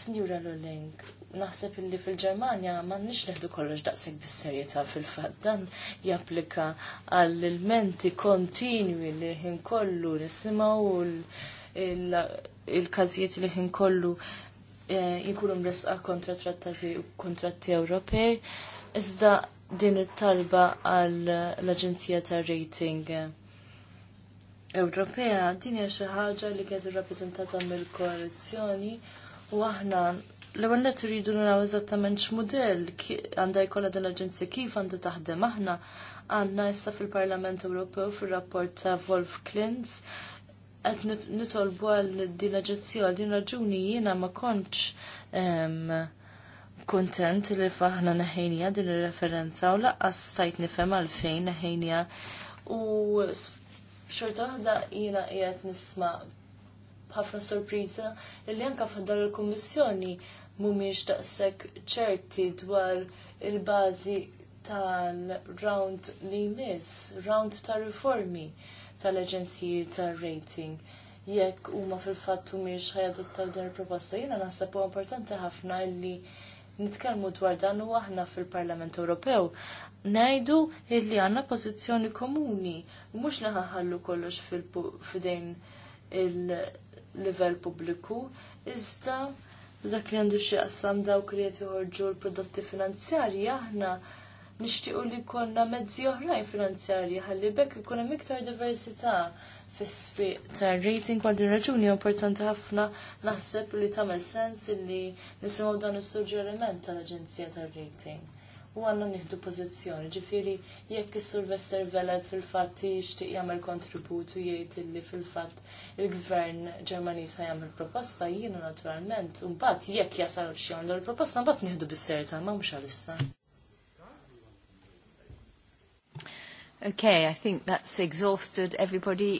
Signora Lulling, naħseb illi fil-Ġermanja m'għandniex neħdu kollox daqshekk bis-serjetà fil-fatt dan japplika għall ilmenti kontinwi li ħin kollu nisimgħu il-każijiet li ħin kollu e, jkunu mresqa kontra trattati u kontratti Ewropej. Iżda din it-talba għall aġenzija tar rating Ewropea din hija xi ħaġa li kienet irrappreżentata mill-koalizzjoni u aħna L-ewwel qed iridu naraw eżattament x'mudell għandha jkollha din l-aġenzija kif għandha taħdem aħna għandna issa fil-Parlament Ewropew fir-rapport ta' Wolf Klintz qed nitolbu għal din l-aġenzija għal din raġuni jiena ma kontx kontent li faħna naħinja din ir-referenza u laqqas stajt nifhem għalfejn naħinja u xorta waħda jiena qiegħed nisma' ħafna sorpriża li anke f'dar il-Kummissjoni mhumiex daqshekk ċerti dwar il-bażi tal-round li jmiss, round ta' riformi tal-Aġenziji tar-rating. Jekk huma fil-fatt mhumiex ħajadottaw dan il-proposta, jiena naħseb huwa importanti ħafna li nitkellmu dwar dan u aħna fil-Parlament Ewropew ngħidu li għandna pożizzjoni komuni u mhux naħħallu kollox fidejn il-livell pubbliku, iżda dak li għandu xie għassam dawk li qed joħorġu l-prodotti finanzjarji aħna nixtiequ li jkollna mezzi oħrajn finanzjarji ħalli bekk ikun hemm iktar diversità fis ta' tar-rating għal din raġuni importanti ħafna naħseb li tagħmel sens li nisimgħu dan is-suġġeriment tal-Aġenzija tar-Rating u għandna nieħdu pozizjoni. Ġifiri, jekk il-Sylvester Vester Vela fil fat jixtieq jagħmel kontributu u jgħid li fil-fatt il-Gvern Ġermanis se jagħmel proposta jienu naturalment u mbagħad jekk jasal xi għandu l-proposta mbagħad nieħdu bis serta ma mhux għalissa. Okay, I think that's exhausted everybody.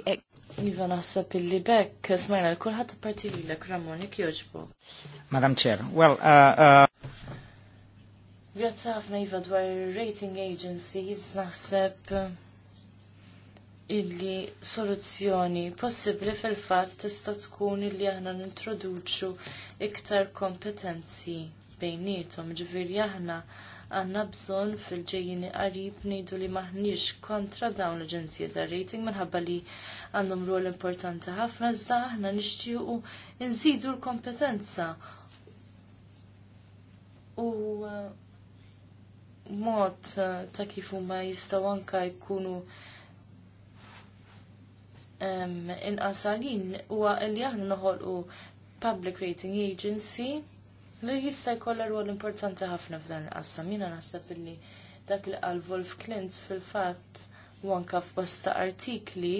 Iva naħseb illi bekk smajna l-kulħadd parti lilek joġbu. Madam Chair, well, uh, uh... Grazzi ħafna Iva dwar rating agencies naħseb illi soluzzjoni possibbli fil-fatt tista' tkun illi aħna nintroduċu iktar kompetenzi bejnietom. Ġifieri aħna għandna bżonn fil-ġejjini qarib ngħidu li maħniex kontra dawn l-aġenzija tar rating minħabba li għandhom rol importanti ħafna iżda aħna nixtiequ nżidu l-kompetenza. U uh, mod eh, ta' kif huma jistgħu anke jkunu inqasalin huwa li aħna noħolqu public rating agency li jista' jkollha rwol importanti ħafna f'dan il-qassam. naħseb illi dak li qal Wolf Klintz fil-fatt u anka f'bosta artikli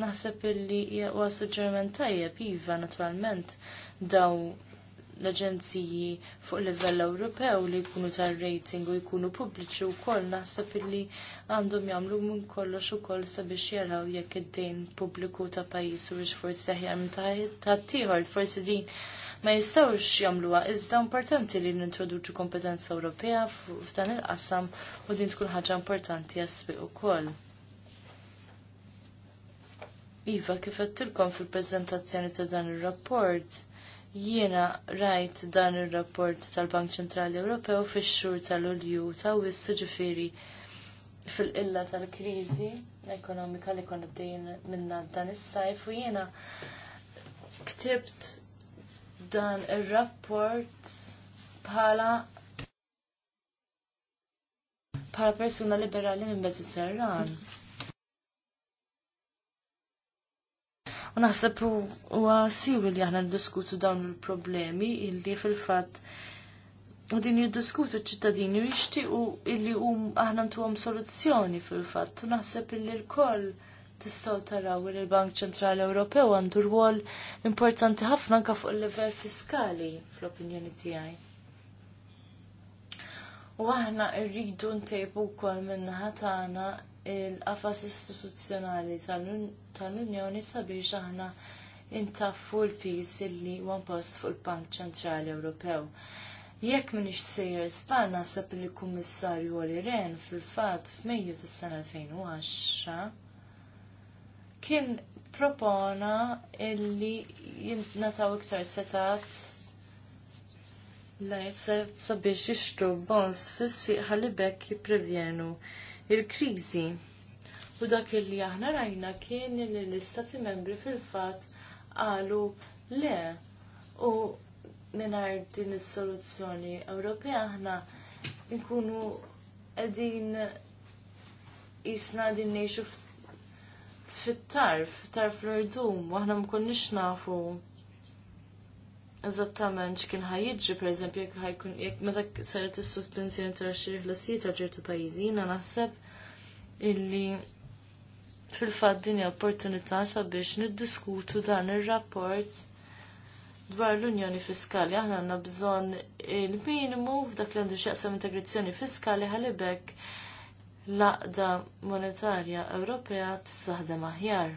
naħseb illi huwa suġġeriment tajjeb iva naturalment daw l-aġenziji fuq livell Ewropew li jkunu tar-rating u jkunu pubbliċi wkoll naħseb illi għandhom jagħmlu minn kollox ukoll sabiex jaraw jekk id-dejn pubbliku ta' pajjiż u biex forsi aħjar minn ta' tieħor forsi din ma jistgħux jagħmluha iżda importanti li nintroduċu kompetenza Ewropea f'dan il-qasam u din tkun ħaġa importanti għas ukoll. Iva, kif għattilkom fil-prezentazzjoni ta' dan il-rapport, Jiena rajt dan ir-rapport tal-Bank Ċentrali Ewropew fix-xhur tal-Ulju ta' wissu ġifieri fil-qilla tal-kriżi ekonomika li konna bdejjin minna dan is-sajf u jiena ktibt dan ir-rapport bħala bħala persuna liberali minn Mediterran. U naħseb huwa siwi li aħna ndiskutu dawn il-problemi illi fil-fatt u din jiddiskutu ċ-ċittadini u u illi hum aħna ntuhom soluzzjoni fil-fatt. U naħseb illi l-koll tistgħu taraw li l-Bank Ċentrali Ewropew għandu rwol importanti ħafna anke fuq il-livell fiskali fl-opinjoni tiegħi. U aħna rridu ntejbu wkoll minnaħa tagħna il-qafas istituzzjonali tal-Unjoni sabiex aħna intaffu l-pis illi wan post fuq il-Bank Ċentrali Ewropew. Jekk minix sejjer span nasab li kummissarju Oli Ren fil-fat f'Mejju tas-sena 2010 kien propona illi jintnataw iktar setat lajse sabiex jixtru bonds fis-sfiq ħalibek jipprevjenu il-kriżi. U dak li aħna rajna kien li l-istati membri fil-fatt qalu le u mingħajr din is-soluzzjoni Ewropea aħna nkunu qegħdin jisna din ngħixu fit-tarf, tarf l-irdum, u aħna mkunniex nafu eżattament x'kien ħajjiġri pereżempju jekk ħajkun jekk meta saret is-sospensjoni ta' xi ħlasijiet ta' ġertu pajjiżi, jiena naħseb illi fil-fatt din hija opportunità sabiex niddiskutu dan ir-rapport dwar l-Unjoni Fiskali aħna għandna bżonn il-minimu f'dak li għandu x'jaqsam integrazzjoni fiskali ħalibek l-aqda monetarja Ewropea tistaħdem aħjar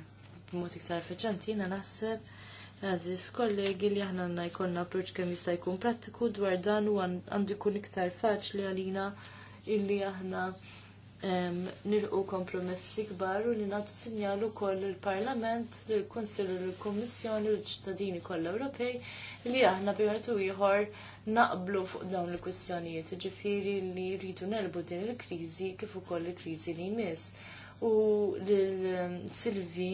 b'mod iktar effiċjenti jiena naħseb Aziz kollegi li aħna għanna jkollna approċ kemm jista' jkun prattiku dwar dan u għandu jkun iktar faċli għalina illi aħna nilqu kompromessi kbar u li nagħtu sinjalu koll il-Parlament, il konsilu u l-Kommissjoni u l-ċittadini kollha Ewropej li aħna biħatu ieħor naqblu fuq dawn il-kwistjonijiet, ġifiri li rridu nelbu din il-kriżi kif ukoll il-kriżi li jmiss. U l-Silvi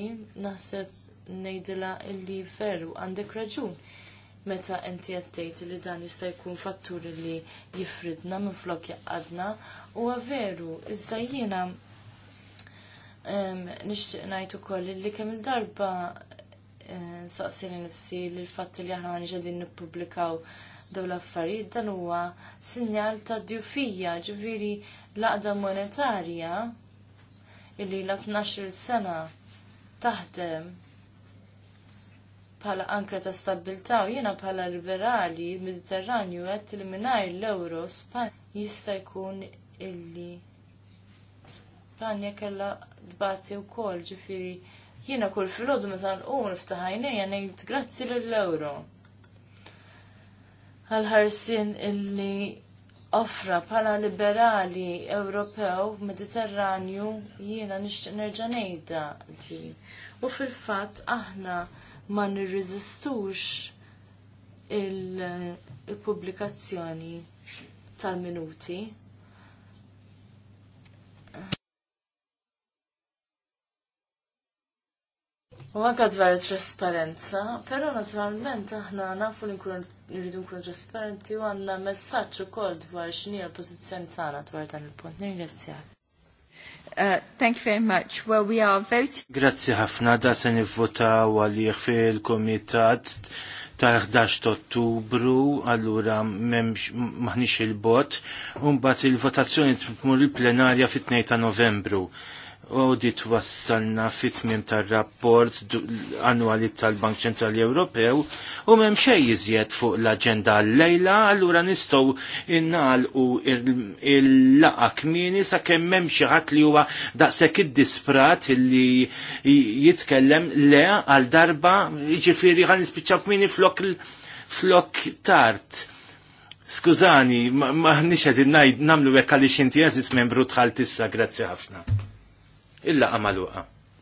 naħseb ngħidilha illi veru għandek raġun meta inti qed tgħid li dan jista' jkun fattur li jifridna minflok jaqadna huwa veru iżda jiena nixtieq ngħid ukoll li kemm il-darba saqsi nifsi li l-fatt li aħna ġedin nippubblikaw daw l-affarijiet dan huwa sinjal ta' djufija, ġifieri laqda monetarja illi la 12 sena taħdem bħala ankra ta' stabilta' u jiena bħala liberali mediterranju għed li mingħajr l-euro Spanja jista' jkun illi Spanja kellha dbati wkoll ġifieri jiena kull filgħodu meta nqum niftaħ għajnejja ngħid grazzi lill-euro. Għal-ħarsin illi offra bħala liberali Ewropew Mediterranju jiena nixtieq nerġa' ngħidha U fil-fatt aħna ma nirriżistux il-pubblikazzjoni il pubblikazzjoni tal minuti U manka dwar trasparenza, pero naturalment aħna nafu li nridu nkunu trasparenti u għandna messaġġ ukoll dwar x'inhi l-pożizzjoni tagħna dwar dan il-punt. Nirringrazzjak. Uh, thank you very much. Well, we are voting. Grazzi ħafna da se nivvotaw għalih fil-komitat tal-11 ottubru, allura maħniex il-bot, un bat il-votazzjoni tmur il-plenarja fit-2 ta' novembru audit wassalna fit-tmim tar-rapport annwali tal-Bank Ċentrali Ewropew u m'hemm xej iżjed fuq l-aġenda l-lejla, allura nistgħu innalqu il-laqa kmieni sakemm m'hemm xi ħadd li huwa daqshekk id-disprat li jitkellem le għal darba jiġifieri ħan nispiċċaw kmieni flok flok tard. Skużani, ma ħnix qed namlu nagħmlu hekk għaliex inti membru tħal tissa, grazzi ħafna. Illa laqa maluqa.